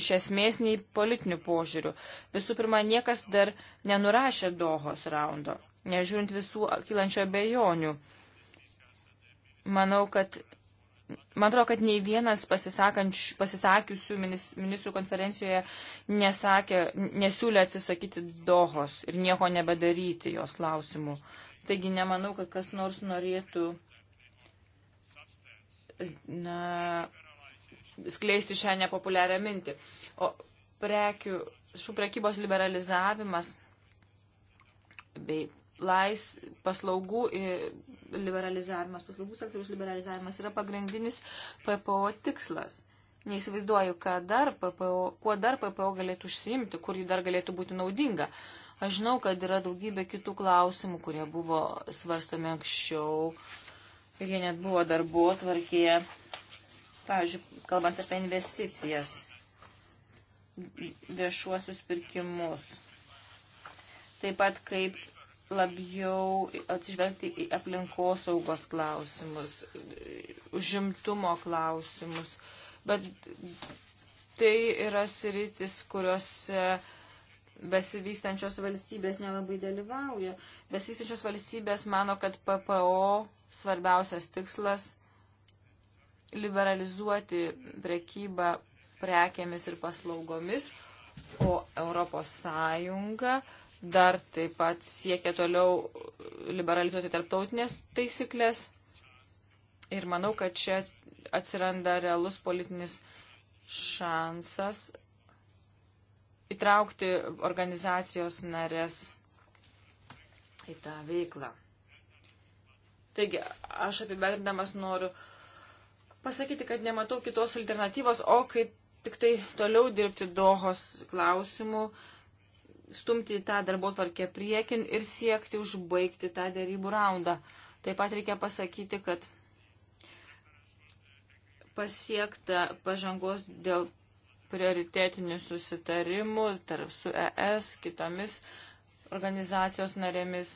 iš esmės nei politinių požiūrių. Visų pirma, niekas dar nenurašė Dohos raundo, nežiūrint visų kilančio bejonių. Manau, kad. Man atrodo, kad nei vienas pasisakiusių ministrų konferencijoje nesakė, nesiūlė atsisakyti Dohos ir nieko nebedaryti jos klausimų. Uh, Taigi nemanau, kad kas nors norėtų na, skleisti šią nepopuliarią mintį. O prekių, šių prekybos liberalizavimas bei lais paslaugų liberalizavimas, paslaugų sektoriaus liberalizavimas yra pagrindinis PPO tikslas. Neįsivaizduoju, dar PPO, kuo dar PPO galėtų užsiimti, kur ji dar galėtų būti naudinga. Uh, Aš žinau, kad yra daugybė kitų klausimų, kurie buvo svarstomi anksčiau ir jie net buvo darbo tvarkėje. Pavyzdžiui, kalbant apie investicijas, viešuosius pirkimus. Taip pat kaip labiau atsižvelgti į aplinkosaugos klausimus, užimtumo klausimus. Bet tai yra sritis, kuriuose besivystančios valstybės nelabai dalyvauja. Besivystančios valstybės mano, kad PPO svarbiausias tikslas - liberalizuoti prekybą prekėmis ir paslaugomis, o Europos Sąjunga dar taip pat siekia toliau liberalizuoti tarptautinės taisyklės. Ir manau, kad čia atsiranda realus politinis šansas įtraukti organizacijos narės į tą veiklą. Taigi, aš apibendrindamas noriu pasakyti, kad nematau kitos alternatyvos, o kaip tik tai toliau dirbti dohos klausimų, stumti tą darbo tvarkę priekin ir siekti užbaigti tą dėrybų raundą. Taip pat reikia pasakyti, kad pasiekta pažangos dėl prioritetinių susitarimų tarp su ES, kitomis organizacijos narėmis.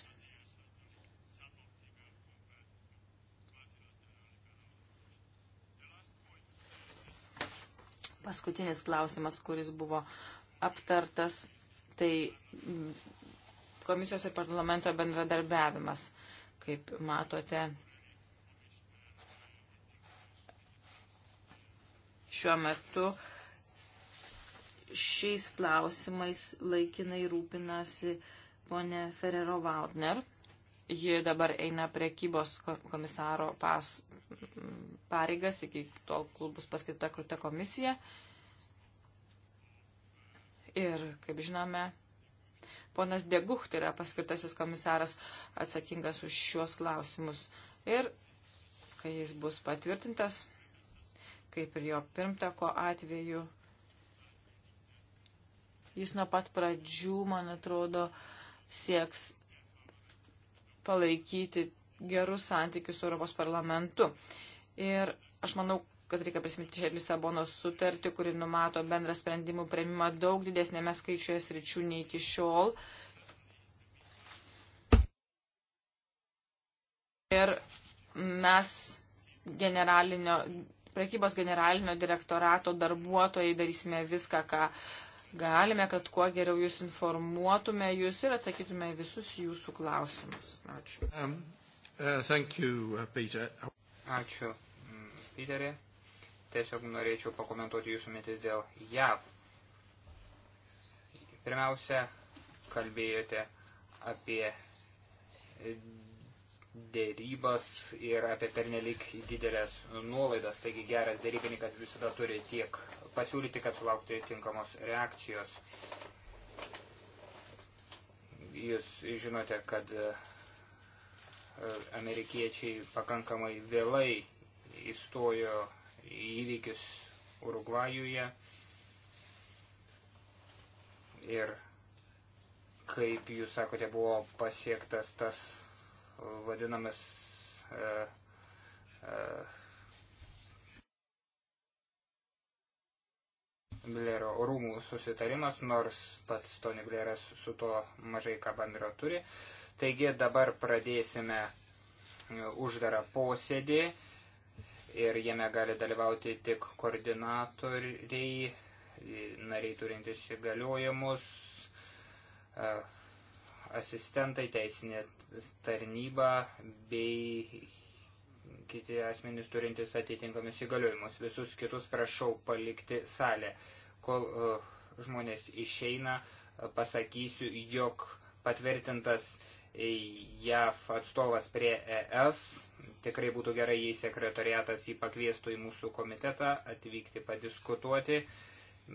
Paskutinis klausimas, kuris buvo aptartas, tai komisijos ir parlamento bendradarbiavimas. Kaip matote, šiuo metu uh, šiais klausimais laikinai rūpinasi ponė Ferrero Waldner. Ji dabar eina prekybos komisaro pas pareigas iki tol, kol bus paskirta ta komisija. Ir, kaip žinome, ponas Deguch tai yra paskirtasis komisaras atsakingas už šios klausimus. Ir, kai jis bus patvirtintas, kaip ir jo pirmtako atveju, Jis nuo pat pradžių, man atrodo, sieks palaikyti gerus santykius su Europos parlamentu. Ir aš manau, kad reikia prisiminti šią Lisabonos sutartį, kuri numato bendrą sprendimų prieimimą daug didesnėme skaičiuje sričių nei iki šiol. Ir mes generalinio, prekybos generalinio direktorato darbuotojai darysime viską, ką galime, kad kuo geriau jūs informuotume jūs ir atsakytume visus jūsų klausimus. Ačiū. Um, uh, thank you, uh, Peter. Ačiū, mm, Piterė. Tiesiog norėčiau pakomentuoti jūsų mintis dėl JAV. Pirmiausia, kalbėjote apie dėrybas ir apie pernelik didelės nuolaidas. Taigi geras dėrybininkas visada turi tiek pasiūlyti, kad sulaukti tinkamos reakcijos. Jūs žinote, kad e, amerikiečiai pakankamai vėlai įstojo į įvykius Urugvajuje ir kaip jūs sakote, buvo pasiektas tas vadinamas uh, uh, Blero rūmų susitarimas, nors pats Tony Blairas su tuo mažai ką bendro turi. Taigi dabar pradėsime e, uždarą posėdį ir jame gali dalyvauti tik koordinatoriai, e, nariai turintys įgaliojimus, e, asistentai, teisinė tarnyba bei kiti asmenys turintys atitinkamus įgaliojimus. Visus kitus prašau palikti salę. Kol uh, žmonės išeina, uh, pasakysiu, jog patvirtintas uh, JAF atstovas prie ES. Tikrai būtų gerai, jei sekretariatas jį pakviestų į mūsų komitetą atvykti padiskutuoti.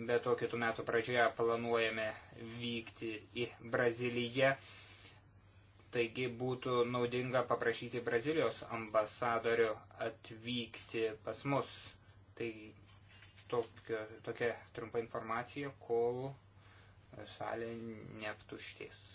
Be to, kitų metų pradžioje planuojame vykti į Braziliją. Uh, Taigi būtų naudinga paprašyti Brazilijos ambasadorių atvykti pas mus. Tai tokio, tokia trumpa informacija, kol salė neaptuštės.